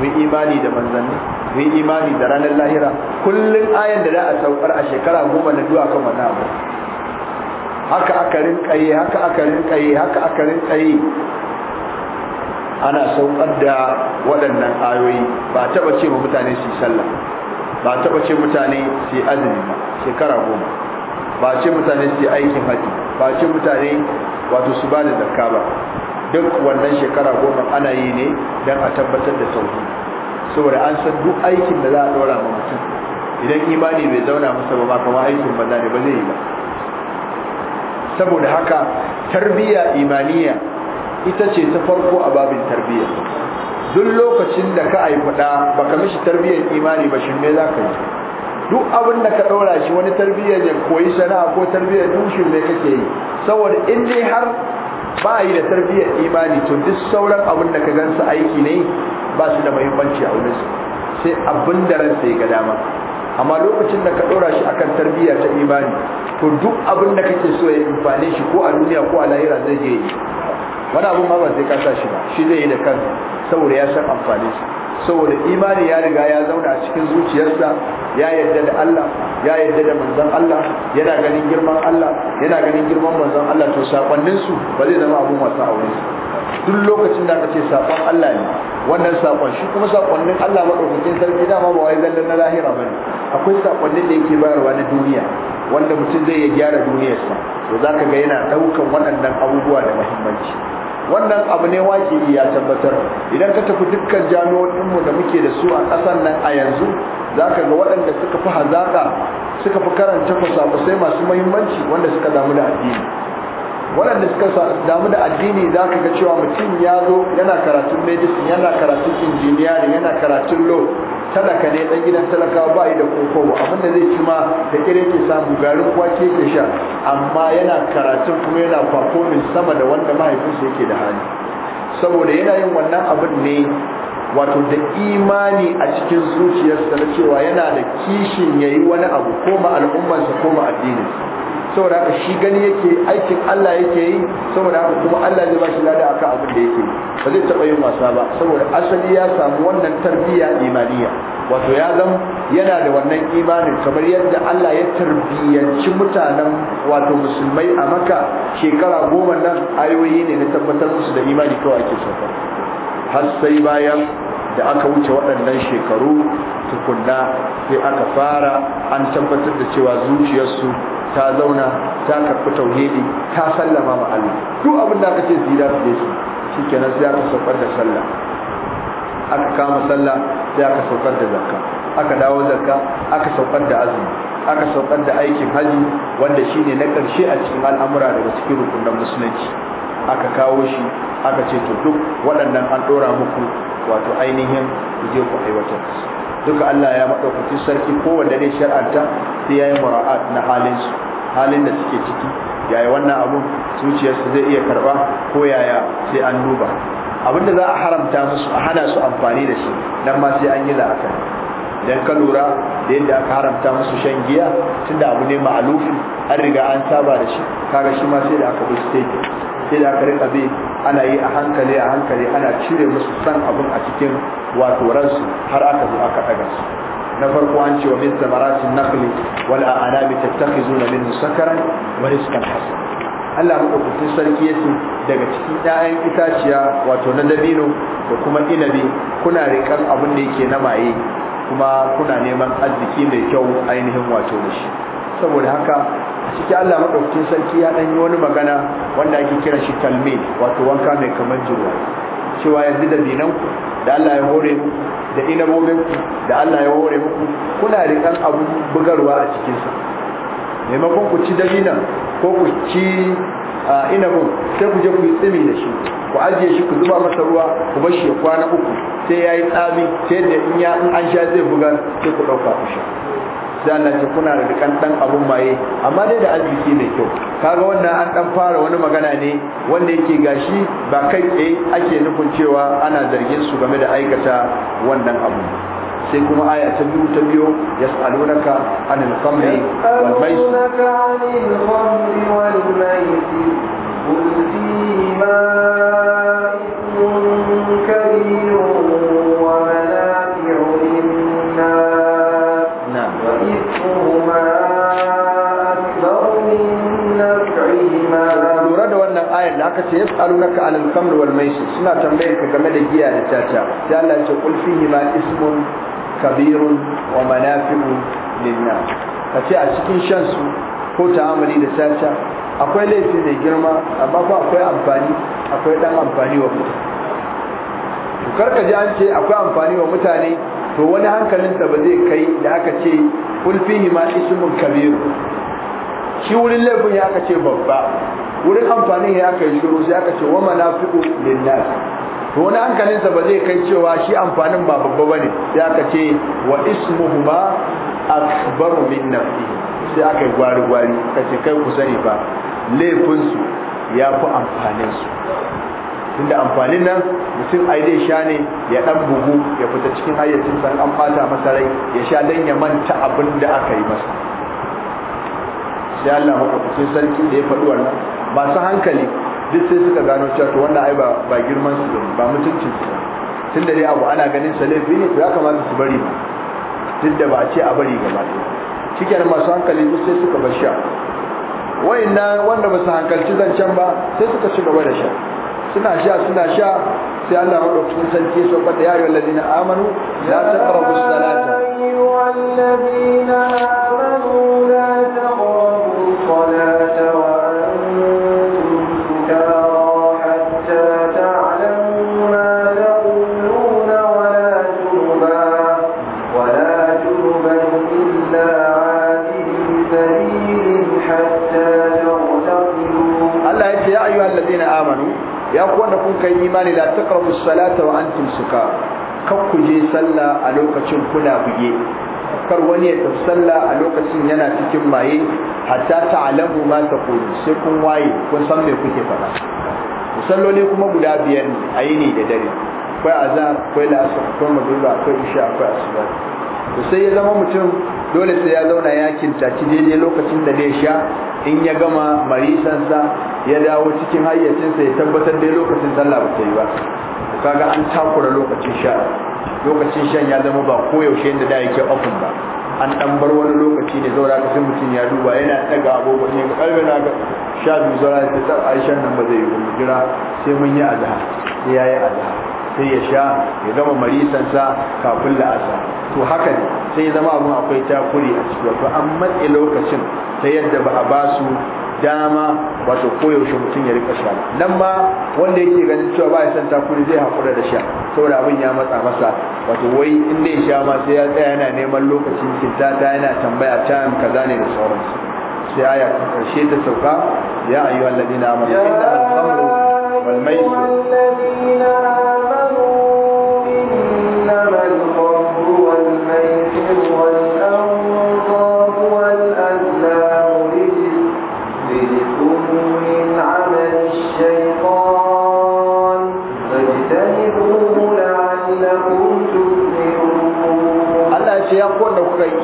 ku yi imani da manzanni ku yi imani da ranar lahira kullum ayan da za a saukar a shekara goma na duwa kan wannan abu haka aka rinka haka aka rinka haka aka rinka ana saukar da waɗannan ayoyi ba taɓa ce ma mutane su yi sallah ba taɓa ce mutane su yi azumi ba shekara goma ba ce mutane su yi aikin haji ba ce mutane wato su ba da zakka ba duk wannan shekara goma ana yi ne don a tabbatar da sauki saboda an san duk aikin da za a ɗora ma mutum idan imani bai zauna masa ba ba kama aikin banza ne ba zai yi ba saboda haka tarbiyya imaniya ita ce ta farko a babin tarbiyya duk lokacin da ka haifi ɗa baka mishi tarbiyyar imani ba shin me za yi duk abin da ka ɗora shi wani tarbiyyar ya koyi sana'a ko tarbiyyar dushin me kake yi saboda in dai har ba yi da tarbiyyar imani to duk sauran abin da ka gansa aiki ne ba su da muhimmanci a su, sai abin da ransa ya ga dama amma lokacin da ka ɗora shi akan tarbiyya ta imani to duk abin da kake so ya amfane shi ko a duniya ko a lahira zai je yi wani abin ma ba zai kasa shi ba shi zai yi da kansa saboda ya san amfane shi saboda imani ya riga ya zauna a cikin zuciyarsa ya yarda da Allah ya yarda da manzon Allah yana ganin girman Allah yana ganin girman manzon Allah to sakonnin su ba zai zama abun wasa a wurin duk lokacin da aka ce sakon Allah ne wannan sakon shi kuma sakonnin Allah madaukakin sarki dama ba wai zallan na lahira bane akwai sakonnin da yake bayarwa na duniya wanda mutum zai ya gyara duniyarsa to zaka ga yana daukan waɗannan abubuwa da muhimmanci wannan abu ne wake ya tabbatar idan ka tafi dukkan jami'o'inmu da muke da su a ƙasan nan a yanzu za ka ga waɗanda suka fi hazaƙa suka fi karanta kwasa sai masu muhimmanci, wanda suka damu da addini waɗanda suka damu da addini za ka ga cewa mutum ya zo yana karatun medicine yana karatun engineering yana karatun law talaka ne dan gidan talaka ba yi da ba abin da zai ci ma da kire ke samu garin kwace ke sha amma yana karatun kuma yana performing sama da wanda mahaifinsa yake da hali saboda yana yin wannan abin ne wato da imani a cikin zuciyarsa na cewa yana da kishin yayi wani abu ko ma al'ummarsa ko ma addinin, saboda haka shi gani yake aikin Allah yake yi saboda haka kuma Allah zai ba shi lada akan abin da yake yi ba zai taɓa yin wasa ba saboda asali ya samu wannan tarbiyya imaniya wato ya zama yana da wannan imanin kamar yadda Allah ya tarbiyyanci mutanen wato musulmai a maka shekara goma nan ayoyi ne na tabbatar musu da imani kawai ake sauka har sai bayan da aka wuce waɗannan shekaru tukunna sai aka fara an tabbatar da cewa zuciyarsu ta zauna ta karɓi tauhidi ta sallama ma Allah duk abin da aka ce zira su shi kenan sai aka saukar da sallah aka kama sallah sai aka saukar da zakka aka dawo zakka aka saukar da azumi aka saukar da aikin haji wanda shine na karshe a cikin al'amura daga cikin rukunin musulunci aka kawo shi aka ce to duk waɗannan an ɗora muku wato ainihin ku je ku aiwatar duka Allah ya maɗaukaki sarki kowanne ne shar'anta sai ya yi mura'at na su halin da suke ciki yaya wannan abun zuciyarsu zai iya karba ko yaya sai an duba abinda za a haramta su a hana su amfani da shi nan ma sai an yi la'akari idan ka lura da yadda aka haramta musu shan giya tunda abu ne ma'alufi an riga an saba da shi kaga shi ma sai da aka bi stage sai da aka rika bi ana yi a hankali a hankali ana cire musu san abun a cikin wato ransu har aka zo aka daga su na farko an ce wa min samaratin nakhli wal a'nabi tattakhizuna min sakaran wa rizqan hasan Allah madaukakin sarki yace daga cikin 'ya'yan itaciya wato na dabino da kuma inabi kuna riƙar abin da yake na maye kuma kuna neman arziki mai kyau ainihin wato da shi saboda haka a cikin Allah madaukakin sarki ya dan yi wani magana wanda ake kira shi talmi wato wanka mai kamar jiruwa cewa yanzu da dinan da Allah ya hore mu da inabobin da Allah ya hore muku kuna rikan abu bugarwa a cikinsa maimakon ku ci dalina ko ku ci inabun sai ku je ku yi tsimi da shi ku ajiye shi ku zuba masa ruwa ku bar shi ya kwana uku sai ya yi tsami sai da in ya an sha zai buga sai ku ɗauka ku sha sai Allah ce kuna rikan dan abun maye amma dai da arziki mai kyau kaga wannan an dan fara wani magana ne wanda yake gashi ba kai tsaye ake nufin cewa ana zargin su game da aikata wannan abu sai kuma aya ta biyu ta biyo yas'alunaka anil khamri wal maisir anil aka ce yas'alunaka anil khamr wal maisir suna tambayar ka game da giya da caca sai Allah ya ce qul fihi ma ismun kabirun wa manafi'u lin-nas ce a cikin shan su ko ta'amuli da caca akwai laifi mai girma amma ko akwai amfani akwai dan amfani wa mutane karka ji an ce akwai amfani wa mutane to wani hankalin ta ba zai kai da aka ce qul fihi ma ismun kabirun shi wurin laifin ya aka ce babba wurin amfani ya aka yi shiru sai aka ce wa manafi'u linnas to wani sa ba zai kai cewa shi amfanin ba babba bane sai aka ce wa ismuhuma akbaru min nafsi sai aka yi gwari gwari kace kai ku sani ba laifin su ya fi amfanin su tunda amfanin nan mutum ai dai sha ne ya dan bugu ya fita cikin hayyacin san an fata masa rai ya sha dan ya manta abin da aka yi masa sai Allah maɗaukakin sarki da ya faɗi wannan masu hankali duk sai suka gano cewa to wannan ai ba girman su ba mutuncin su tun da dai abu ana ganin sa laifi ne to ya kamata su bari ba duk da ba a ce a bari gaba ɗaya shikenan masu hankali duk sai suka bar sha wayannan wanda ba su hankalci zancen ba sai suka ci gaba da sha suna sha suna sha sai Allah madaukakin sarki ya saukar da ya ayyuhal ladina amanu la taqrabu salata ayyuhal ladina kai imani la taqrabu salata wa antum suka kar ku je sallah a lokacin kuna buge kar wani ya tafi sallah a lokacin yana cikin maye hatta ta'lamu ma taqulu sai kun waye kun san me kuke faɗa Musalloli kuma guda biyar ne a ne da dare akwai azhar akwai la'asar akwai maghriba akwai isha akwai asuba to sai ya zama mutum dole sai ya zauna ya ci daidai lokacin da zai sha in ya gama marisansa ya dawo cikin hayyacinsa ya tabbatar dai lokacin sallah ba ta yi ba kaga an takura lokacin sha lokacin shan ya zama ba koyaushe inda da yake ofin ba an dan bar wani lokaci da zaura ka sai mutum ya duba yana daga abubuwan ne kalbi na ga sha biyu zaura ta aishan nan ba zai yi jira sai mun yi azhar sai yayi azhar sai ya sha ya gama marisansa kafin la'asa to haka ne sai ya zama abin akwai takuri a cikin wato an matse lokacin ta yadda ba a ba su dama wato koyaushe mutum ya rika sha nan ma wanda yake ganin cewa ba ya san takuri zai hakura da sha saboda abin ya matsa masa wato wai in dai sha ma sai ya tsaya yana neman lokacin kintata yana tambaya yin kaza ne da sauransu sai aya ta karshe ta sauka ya ayyuhal ladina amanu inna al-khamru wal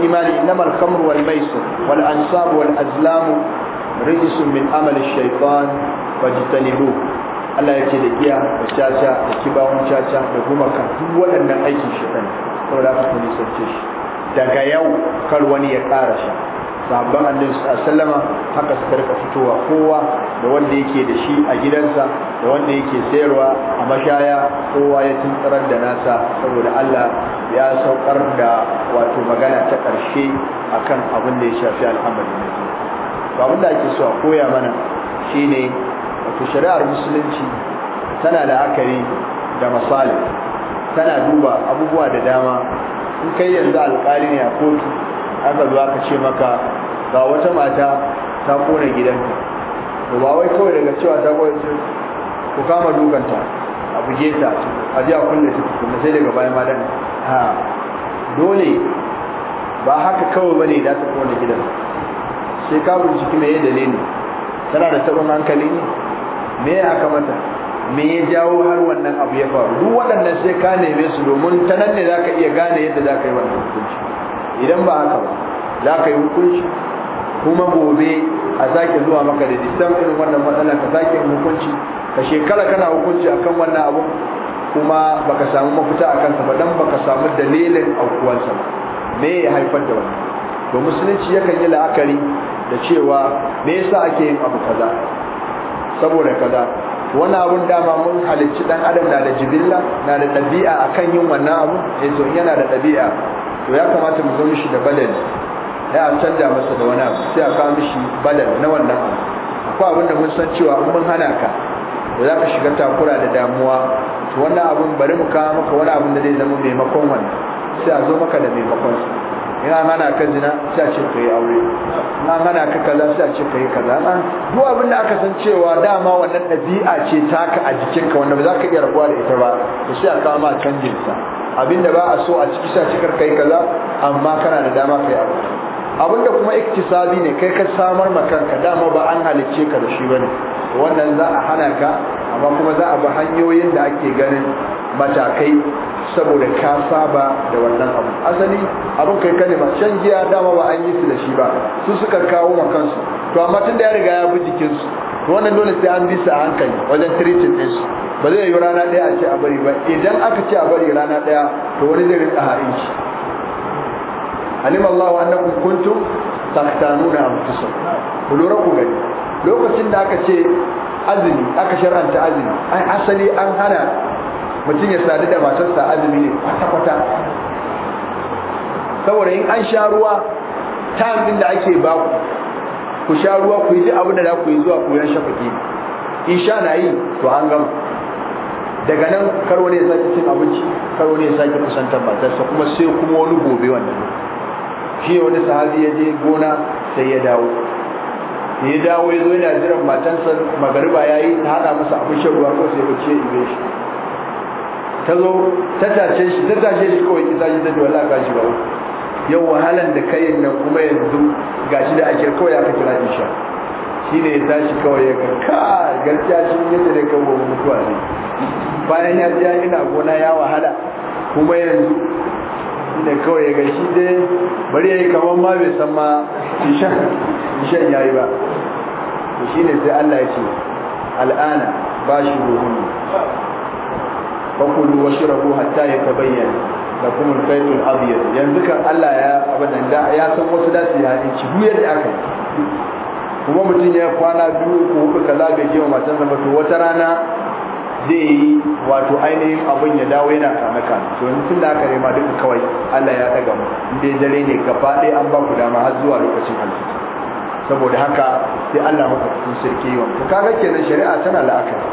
imani na khamr mai su wal ansab wal azlam rijsun min amal ash-shaytan fajtanibu Allah yake da giya da caca da kibawun caca da gumaka duk waɗannan aikin shaytan saboda haka ku nisance shi daga yau kar wani ya ƙara sha sahabban annabi sallama haka suka rika fitowa kowa da wanda yake da shi a gidansa da wanda yake sayarwa a mashaya kowa ya tuntarar da nasa saboda Allah ya saukar da wato magana ta ƙarshe akan abin da ya shafi al'amari na to abin da ake so a koya mana shine wato shari'ar musulunci tana da akari da misali tana duba abubuwa da dama in kai yanzu alƙali ne a kotu aka zo aka ce maka ga wata mata ta kona gidanka to ba wai kawai daga cewa ta kona ku kama dukanta a buge ta a ji a kunne su kuma sai daga bayan madan ha dole ba haka kawai bane da ta kona gidan sai ka ciki me ya ne. tana da tabon hankali ne me ya aka mata me ya jawo har wannan abu ya faru duk waɗannan sai ka neme su domin ta nan ne za ka iya gane yadda za ka yi wannan hukunci idan ba haka ba za ka yi hukunci kuma gobe a sake zuwa maka da distan irin wannan matsalar ka sake hukunci ka shekara kana hukunci akan wannan abu kuma baka samu mafita akan sa ba dan baka samu dalilin aukuwansa ba me ya haifar da wannan to musulunci yakan yi la'akari da cewa me yasa ake yin abu kaza saboda kaza wani abun dama mun halicci dan adam na da jibilla na da ɗabi'a akan yin wannan abu eh to yana da ɗabi'a to ya kamata mu zo mishi da balal ya a canja masa da wani abu sai a kawo mishi balal na wannan abu akwai abin da mun san cewa mun hana ka da za ka shiga takura da damuwa to wannan abun bari mu kawo maka wani abun da zai zama maimakon wannan sai a zo maka da maimakon su ina hana ka zina sai a ce ka yi aure ina hana ka kaza sai a ce ka yi kaza na duk abin da aka san cewa dama wannan ɗabi'a ce taka a jikinka wanda ba za ka iya rabuwa da ita ba to sai a kawo ma canjin sa abinda ba a so a ciki sa ka yi kaza amma kana da dama kai aure abinda kuma iktisabi ne kai ka samar ma kanka dama ba an halicce ka da shi bane wannan za a hana ka amma kuma za a bi hanyoyin da ake ganin matakai saboda ka saba da wannan abu asali abin kai ba. shan giya dama ba an yi su da shi ba su suka kawo ma kansu to amma tun da ya riga ya bi jikinsu wannan dole sai an bi su a hankali wajen tiritin ɗinsu ba zai yi rana ɗaya a ce a bari ba idan aka ce a bari rana ɗaya to wani zai rinka ha'in shi alim Allahu annakum kuntum takhtanuna anfusakum ku lura ku lokacin da aka ce azumi aka shar'anta azumi ai asali an hana mutum ya sadu da matarsa azumi ne kwata-kwata saboda in an sha ruwa ta din da ake ba ku ku sha ruwa ku yi duk abin da za ku yi zuwa ku yan shafake in sha na yi to an gama daga nan karo ne ya sake cin abinci karo ne ya sake kusantar matarsa kuma sai kuma wani gobe wannan shi wani sahabi ya je gona sai ya dawo sai ya dawo ya zo yana jiran matansa magariba ya yi ta haɗa masa abin shan ruwa ko sai ya ce ibe shi ta zo ta tace shi ta tace shi kawai kisa shi ta ji wala gashi ba yau wahalan da kai nan kuma yanzu gashi da ake kawai aka kira sha shi ne ya tashi kawai ya ga ka gaskiya shi yadda da kawai mutuwa ne bayan ya ji ina gona ya wahala kuma yanzu ne kawai ga shi dai bari ya yi kamar ma bai san ma ishan ya yi ba da shi ne sai Allah ya ce al'ana ba shi ruhun bakulu wasu rabu hatta ya bayyana, da kuma faifin abiyar yanzu kan Allah ya abadan da ya san wasu da ya yi ci duk da aka kuma mutum ya kwana biyu ko uku kaza bai je wa matansa ba wata rana zai yi wato ainihin abin ya dawo yana kame kan to tun da aka nema duka kawai Allah ya daga mu in dai dare ne gaba ɗaya an ba ku dama har zuwa lokacin alfitar saboda haka sai Allah maka cikin sarki yawan to kaga kenan shari'a tana la'akari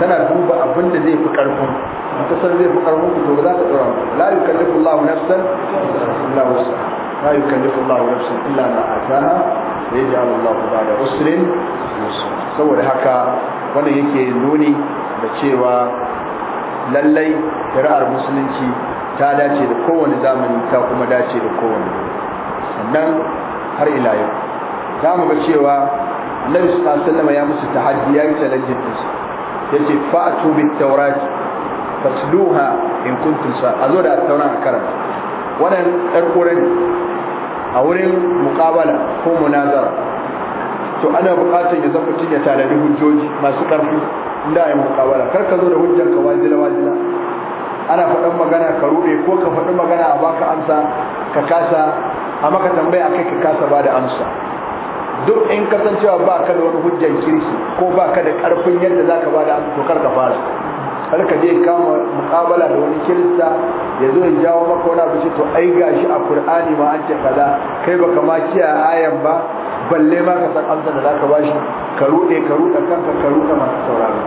tana duba abin da zai fi karfin in ta san zai fi karfin ku to ba za ka tsara ba la yukallifu Allahu nafsan illa wusaha la yukallifu Allahu nafsan illa ma ataha yaj'alu Allahu ba'da usrin saboda haka wannan yake nuni da cewa lallai shari'ar musulunci ta dace da kowane zamani ta kuma dace da kowane sannan har ila yau za mu ga cewa annabi sallallahu alaihi wasallam ya musu tahaddi ya yi challenge su yace fa'tu bit tawrat fasluha in kuntum sa azo da tauran karanta wannan dan koren a wurin muƙabala ko munazara to ana buƙatar ya zama mutum ya hujjoji masu ƙarfi inda ya muƙabala kar ka zo da hujjar ka wajila wajila ana faɗan magana ka ruɗe ko ka faɗi magana a baka amsa ka kasa a maka tambaya akai ka kasa ba da amsa duk in kasancewa ba ka da wani hujjar kirki ko ba ka da ƙarfin yadda za ka ba da amsa to kar ka fara Kar ka je kama muƙabala da wani kirista ya zo ya jawo maka wani abu to ai gashi a Kur'ani ma an ce kaza kai baka ma kiyaye ayan ba balle ma ka san amsa da zaka bashi ka rude ka rude kanka ka rude masu sauraro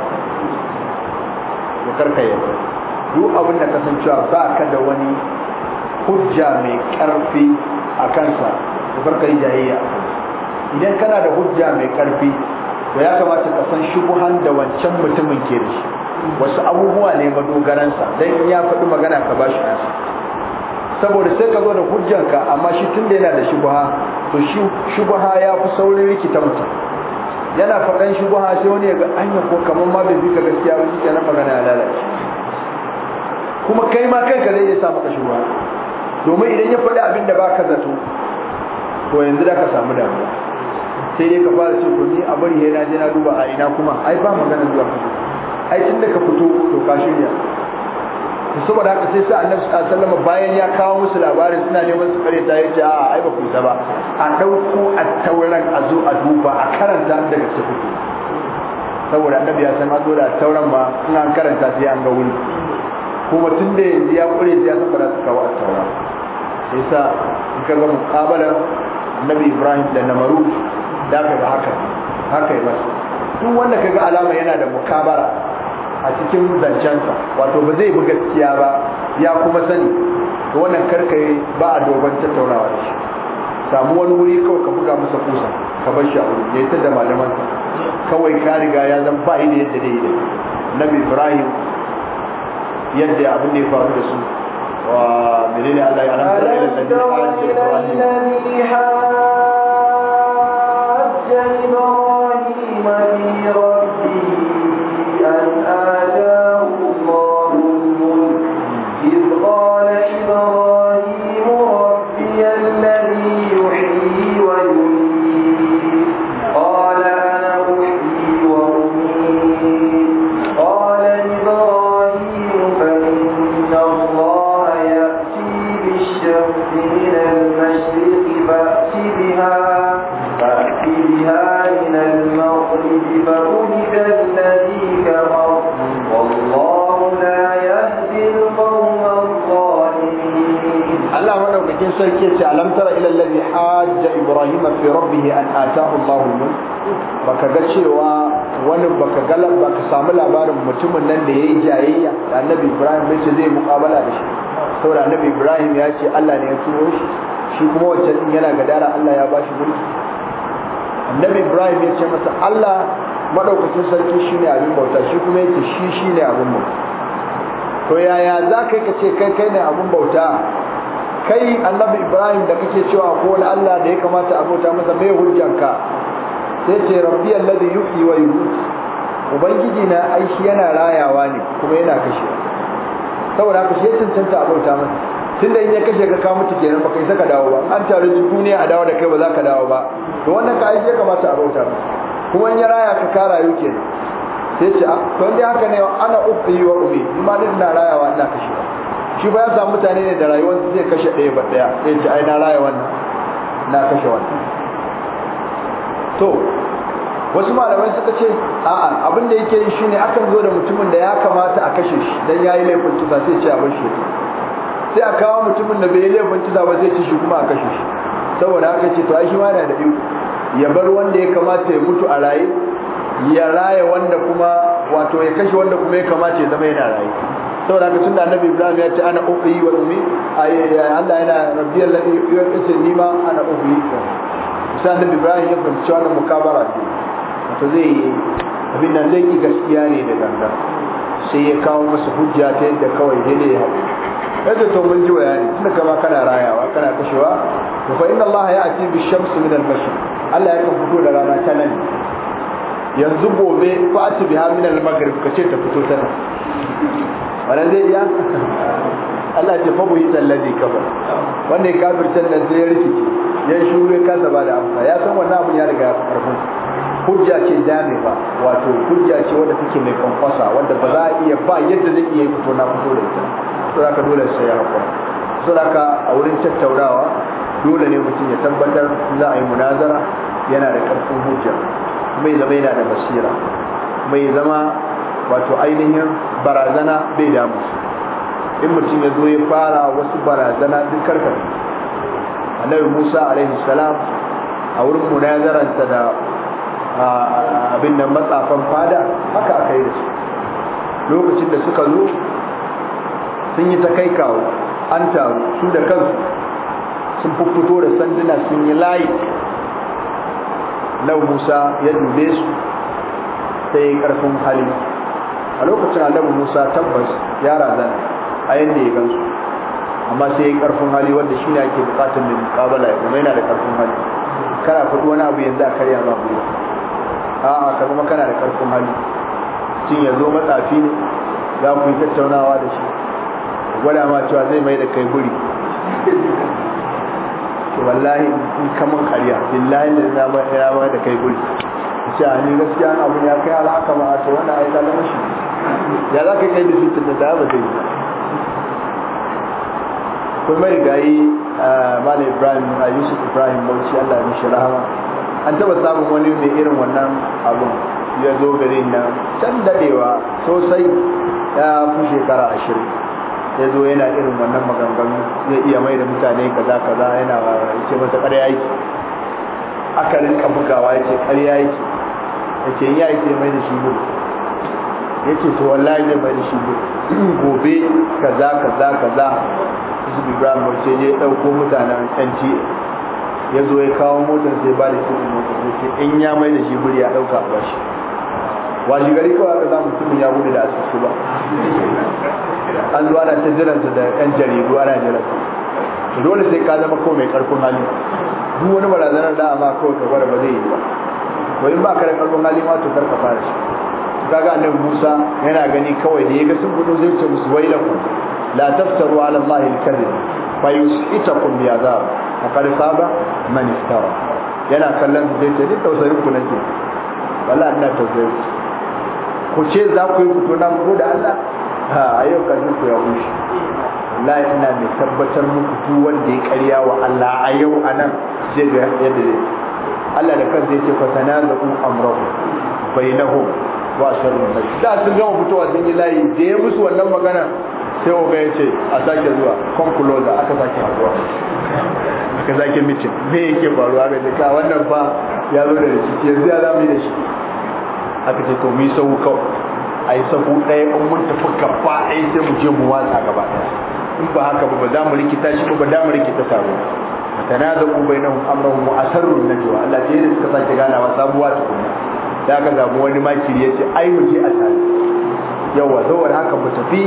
ya yi duk abin da kasancewa ba ka da wani hujja mai karfi a kansa da farka yi jayayya idan kana da hujja mai karfi to ya kamata ka san shubuhan da wancan mutumin ke da shi wasu abubuwa ne madogaransa in ya faɗi magana ka bashi nasa saboda sai ka zo da hujjanka amma shi tun da yana da shubuha to shi shubaha ya fi saurin rikita mutum yana fakan shubaha sai wani ya ga yi ko kamar ma bai bika gaskiya ba shi na magana ya lalace kuma kai ma kanka zai iya samu ka shubha domin idan ya faɗi abin da ka zato to yanzu da ka samu damuwa sai dai ka fara ce ko ni a bari yana je na duba a ina kuma ai ba magana zuwa ai tun da ka fito to ka shirya saboda haka sai sai annabi sallallahu alaihi wasallam bayan ya kawo musu labarin suna neman su kare ta yace a ai ba ku ta ba a dauko a tauran a zo a duba a karanta daga cikin saboda annabi ya san zo da tauran ma ina an karanta sai an ga wuni kuma tun da yanzu ya kure sai ya san su kawo a tauran sai sa in ka ga muqabala annabi Ibrahim da Namaru da ka ga haka haka ya masa duk wanda kaga alama yana da mukabara a cikin zancensa wato ba zai bi gaskiya ba ya kuma sani to wannan karkare ba a dogon tattaunawa da shi samu wani wuri kawai ka buga masa kusa ka bar shi a wuri ya ta da malaman kawai ka riga ya zan ba da yadda dai da nabi ibrahim yadda abin da ya faru da su wa menene Allah ya ibrahim مثل الذي حاج إبراهيم في ربه أن آتاه الله الملك baka ga cewa wani baka galab samu labarin mutumin nan da yayi jayayya da Annabi Ibrahim bai ce zai da shi Annabi Ibrahim ya ce Allah ne ya turo shi shi kuma wancan din yana gadara Allah ya bashi mulki Annabi Ibrahim ya ce masa Allah madaukakin sarki ne abin bauta shi kuma shi ne abin bauta to yaya za kai ka ce kai kai ne abin bauta kai annabi ibrahim da kake cewa ko wani allah da ya kamata a bauta masa mai hujjanka sai ce rabbi alladhi yuhyi wa yumiit ubangiji na shi yana rayawa ne kuma yana kashe saboda haka shi ya cancanta a bauta masa tunda in ya kashe ka kawo mutu kenan baka isa ka dawo ba an tare duniya a dawo da kai ba za ka dawo ba to wannan ka aiki ya kamata a bauta masa kuma in ya raya ka ka rayu kenan sai ce a ah, to haka ne ana uku yi wa umi in ma duk na rayawa ina kashewa shi ba ya samu mutane ne da rayuwar su zai kashe ɗaya ba ɗaya ya ce ai na raya na kashe wannan to wasu malamai suka ce a'a abin da yake yi shi ne akan zo da mutumin da ya kamata a kashe shi don ya yi laifin kisa sai ce a bar shi sai a kawo mutumin da bai yi laifin kisa ba zai ci shi kuma a kashe shi saboda haka ce to ai shi ma yana da iko ya bar wanda ya kamata ya mutu a raye ya raya wanda kuma wato ya kashe wanda kuma ya kamata ya zama yana raye saboda haka tunda annabi ibrahim ya ce ana ubi wa ummi Allah yana rabbiyal ladhi yuqsi ma ana ubi sai annabi ibrahim ya fahimci wannan mukabara ce wato zai yi abin nan zai yi gaskiya ne da ganga sai ya kawo masa hujja ta yadda kawai dai ya haɗu yadda to mun ji bayani tunda kama kana rayawa kana kashewa to fa inna Allah ya bi shamsi min al-mashriq Allah ya kan fito da rana ta nan yanzu gobe fati biya min al-maghrib kace ta fito tana wannan zai iya Allah ya fa buyi tallazi kaba wanda ya kafirtan nan sai ya rikice ya shure kasa ba da amsa ya san wannan abun ya riga ya karfin hujja ce dame ba wato hujja ce wanda take mai kwankwasa wanda ba za a iya ba yadda zai iya fito na fito da ita saboda ka dole sai ya hakura saboda ka a wurin tattaunawa dole ne mutum ya tabbatar za a yi munazara yana da karfin hujja mai zama yana da basira mai zama wato ainihin barazana bai damu in mutum ya zo ya fara wasu barazana duk karkar annabi musa alaihi salam a wurin munazaranta da abin da matsafan fada haka aka yi da su lokacin da suka zo sun yi ta kai kawo an taru su da kansu sun fito da sanduna sun yi layi nau musa ya dube su ta yi karfin hali a lokacin annabi musa tabbas ya razana a yadda ya gansu amma sai karfin hali wanda shi ne ake bukatun da mukabala ya kuma yana da karfin hali kana kudu wani abu yanzu a karya ku a'a ka kuma kana da karfin hali cin ya zo matsafi ne za ku yi tattaunawa da shi gwada ma cewa zai mai da kai guri wallahi in mun karya billahi da na ba ya ma da kai guri ce a ni gaskiya na abu ya kai ba ma to wannan ai zama shi ya za ka kai da shi tun da ba zai kun mai gayi malam ibrahim a yusuf ibrahim bauchi allah ya mishi rahama an taba samun wani mai irin wannan abun ya zo gare nan can dadewa sosai ya fi shekara ashirin ya zo yana irin wannan maganganu zai iya mai da mutane kaza kaza yana ce masa ƙarya yake aka rinka bugawa ya ce ƙarya yake ya ce ya yi mai da shi gudu ya ce to wallahi zai mai da shi gudu gobe kaza kaza kaza su bi gram mu ce ya ɗauko mutanen ƴanci ya zo ya kawo motar sai ba da shi motar ya ce in ya mai da shi gudu ya ɗauka a bashi washi gari kawai aka mu mutumin ya gudu da asusu ba an zuwa da ta jiransa da yan jaridu ana jiransa to dole sai ka zama kome mai karfin hali duk wani barazanar da ma kawai ka gwada ba zai yi ba wani in ba kare karfin hali ma to kar ka fara shi ga annabi Musa yana gani kawai da ya ga sun gudu zai ce musu kun. la taftaru ala Allah al-kadhib fa yusitakum bi azab qad saba man iftara yana kallon zai ce ni tausayin ku nake wallahi ina tausayin ku ku ce za ku yi fito na fito da Allah a yau karfin ku ya bushe wallahi ina mai tabbatar muku duk wanda ya karya wa Allah a yau a nan zai ga yadda zai Allah da kansa yake fa tanazu amrahu bainahum wa sharrun nas da sun gama fitowa sun yi layi da ya musu wannan magana sai oga ya ce a sake zuwa konkuloza aka sake haɗuwa aka sake mitin me yake faruwa ga jika wannan ba ya zo da shi? yanzu ya zama da shi aka ce to mu yi sahu kawai a yi sahu ɗaya in mun tafi gaba ɗaya sai mu je mu watsa gaba ɗaya in ba haka ba ba za mu rikita shi ba za mu rikita taro tanazaqu bainahum amrahum wa asarru najwa Allah ce yadda suka sake ganawa sabuwa tukunna da aka zamu wani makiri ce ai mu je a tare yawa saboda haka mu tafi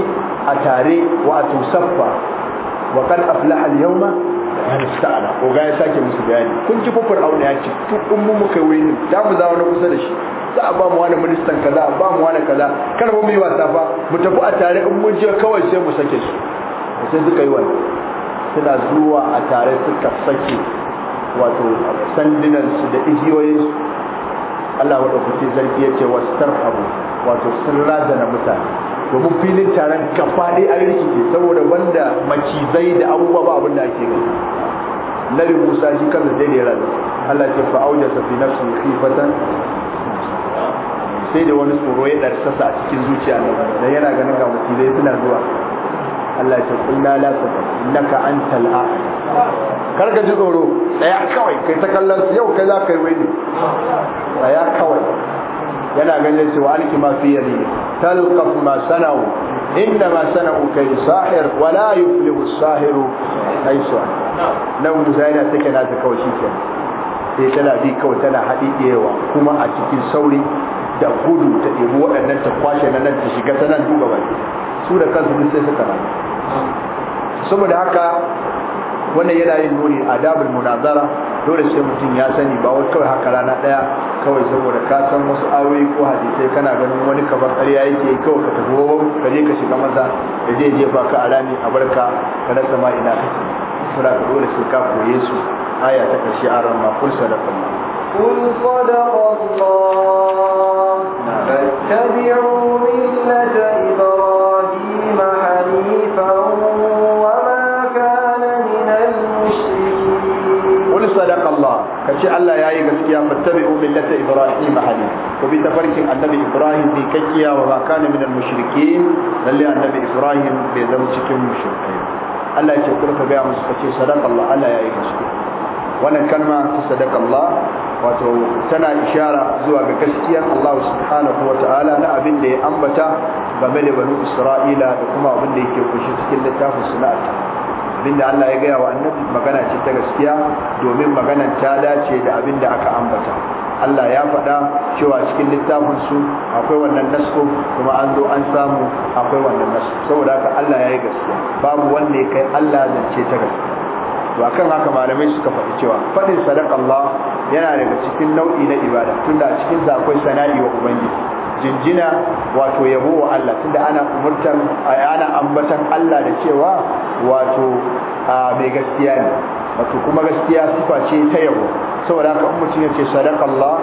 a tare wa tusaffa wa kan aflaha al-yawma sa'ala ko ga ya sake musu bayani kun ji kufur auna ya ce to kun mu muka yi ne za mu zama na kusa da shi za a ba mu wani ministan kaza ba mu wani kaza kar mu yi wasa fa mu tafi a tare in mun je kawai sai mu sake su sai suka yi wani suna zuwa a tare suka sake wato sandunan su da igiyoyin su Allah wa ɗaukaki zargi ya ce wasu tarhabu wato sun razana mutane mun filin taron gaba a yanki ke saboda wanda macizai da abubuwa ba abin da ake gani nabi musa shi kansa zai da yaran. allah ce fa auja sa fi nafsi khifatan sai da wani tsoro ya darsasa a cikin zuciya ne, da yana ganin ga macizai suna zuwa allah ce kullu la tafa innaka antal ahad kar ka ji tsoro tsaya kawai kai ta kallon yau kai za ka yi wani tsaya kawai yana ganin cewa alki ma fi yadi talqaf ma sanau inda ma sanau kai sahir wa la yuflihu sahiru aisu nan musaina take na ta kawai shike sai tana bi kawai tana hadidewa kuma a cikin sauri da gudu ta ɗebo waɗannan ta kwashe na nan ta shiga ta nan duba bai su da kansu duk sai suka rana saboda haka wannan yana yin nuni adabul munazara dole sai mutum ya sani ba wai kawai haka rana daya kawai saboda ka san wasu ayoyi ko hadisai kana ganin wani kamar ƙarya yake kawai ka tafi ka je ka shiga maza da zai jefa ka a rami a barka ka rasa ma ina kake saboda ka dole sai ka koye su aya ta karshe a ran ma kul sadaqallah kul sadaqallah fattabi'u millata ce Allah ya yi gaskiya fattabi'u millata ibrahim hali ku bi tafarkin annabi ibrahim bi kakkiya wa ma kana minal mushrikin lalle annabi ibrahim bai zama cikin mushrikai Allah ya ce ka ga musu kace sadaka Allah Allah ya yi gaskiya wannan kalma ta sadaka Allah wato tana ishara zuwa ga gaskiyar Allah subhanahu wa ta'ala na abin da ya ambata game da banu Isra'ila da kuma abin da yake kushi cikin littafin sunna abinda Allah ya gaya wa annabi magana ce ta gaskiya domin maganar ta dace da abinda aka ambata Allah ya faɗa cewa cikin littafin su akwai wannan nasu kuma an zo an samu akwai wannan nasu saboda haka Allah ya yi gaskiya babu wanda ya kai Allah ce ta gaskiya to akan haka malamai suka faɗi cewa faɗin Allah yana daga cikin nau'i na ibada tunda a cikin sana'i wa ubangiji jinjina wato yabo wa Allah tunda ana umurtan ana ambatan Allah da cewa wato mai gaskiya ne wato kuma gaskiya sifa ce ta yabo saboda haka in mutum ya ce Allah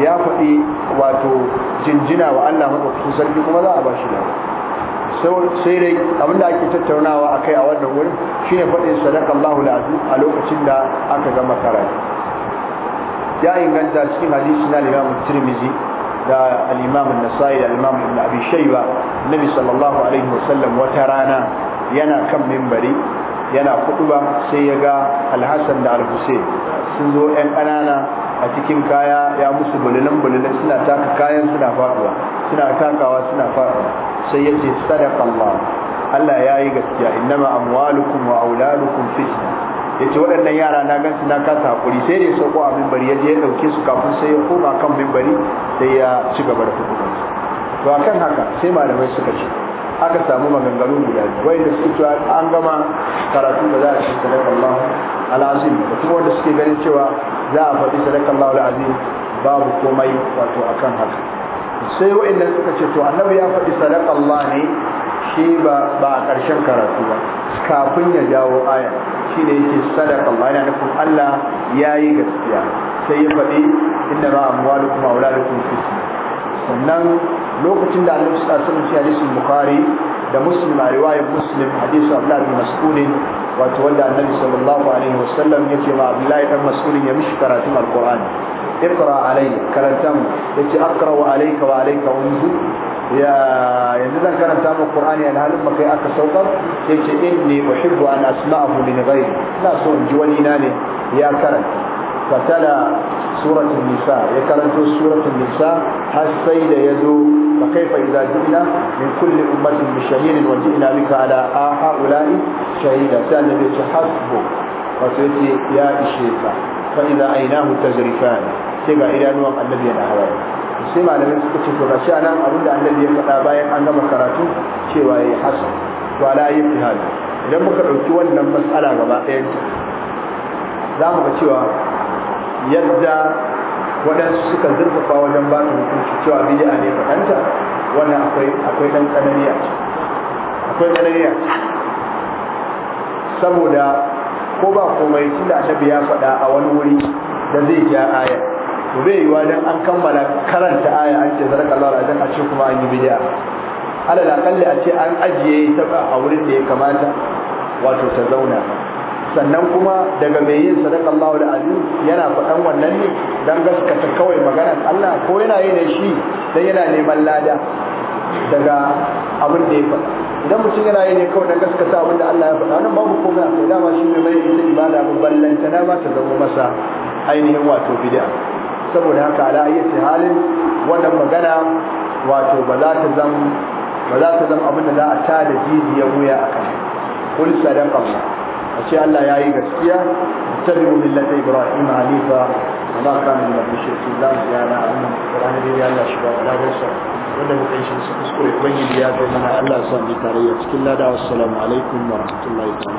ya faɗi wato jinjina wa Allah madaukakin sarki kuma za a ba shi lafiya sai dai abinda ake tattaunawa a kai a wannan wurin shine faɗin sadaka Allahu azim a lokacin da aka gama karatu ya inganta cikin hadisi na Imam Tirmidhi da al-imam an da al-imam ibn abi shayba nabi sallallahu alaihi wasallam wata rana yana kan minbari yana kuduba sai ya ga al da al-husayn sun zo yan ƙanana a cikin kaya ya musu bulunan-bulunan, suna taka kayan suna faduwa suna takawa suna faduwa sai ya ce Sadaqallah, Allah Allah ya yi gaskiya innama amwalukum wa auladukum fitna yace waɗannan yara na gansu na kasa hakuri sai dai sauko a mimbari ya je ya dauke su kafin sai ya koma kan mimbari sai ya ci gaba da hukumar to akan haka sai malamai suka ce aka samu maganganu guda biyu da suke cewa an gama karatu da za a ci sadakallahu alazim da kuma wanda suke ganin cewa za a faɗi al alazim babu komai wato akan haka sai wa'annan suka ce to annabi ya faɗi Allah ne shi ba ba a ƙarshen karatu ba kafin ya jawo aya shi ne yake sadaka ba yana nufin Allah ya yi gaskiya sai ya faɗi inda ba amwalu kuma kuma fiti sannan lokacin da Annabi sallallahu alaihi wasallam ya hadisi Bukhari da Muslim a riwayar Muslim hadisi Abdullah bin Mas'ud wato wanda Annabi sallallahu alaihi wasallam yake ma Abdullahi dan Mas'ud ya mishi karatun Al-Qur'ani اقرأ علي كرتم يتي alai عليك وعليك أنزل يا يعني إذا كان تام القرآن أن هل مكي أك سوكر إني أحب أن أسمعه من غيري لا صور جواني ناني يا كرن فتلا سورة النساء يا كرم سورة النساء حسيد يدو فكيف إذا جئنا من كل أمة بشهير وجئنا بك على هؤلاء شهيدا تاني بتحسبه فسيتي يا إشريفا فإذا أيناه تزرفان تبع إلى نوع النبي أنا هوايه sai malamai suka ce to shi anan abin da annabi ya faɗa bayan an gama karatu cewa yayi hasan to ala yi hal idan muka ɗauki wannan matsala gaba ɗayan ta za mu ga cewa yadda waɗansu suka zurfafa wajen ba su hukunci cewa bid'a ne faɗanta wannan akwai akwai ɗan tsanani akwai tsanani saboda ko ba komai tunda annabi ya faɗa a wani wuri da zai ja ayar to bai yiwa dan an kammala karanta aya an ce zaraka Allah dan a ce kuma an yi bid'a alal akalli a ce an ajiye ta a wurin da ya kamata wato ta zauna sannan kuma daga mai yin sadaka Allahu da azim yana faɗan wannan ne dan gaskata kawai maganar Allah ko yana yi da shi dan yana neman lada daga abin da ya faɗa idan mutum yana yi ne kawai dan gaskata abin da Allah ya faɗa wannan babu komai a kai dama shi mai mai ita ibada ballanta lantana ba ta zama masa ainihin wato bid'a saboda haka ala ayyati halin wannan magana wato ba za ta zan ba za ta zama abin da za a ta da jijiyar wuya a kan kul sadaqa a ce Allah ya yi gaskiya tabi'u millata ibrahim hanifa wa ma kana min mushrikin za mu yana annan qur'ani dai Allah shi ba da gaskiya wanda muka yi shi kuskure ubangiji ya kai mana Allah ya sa tare tarayya cikin lada wassalamu alaikum wa rahmatullahi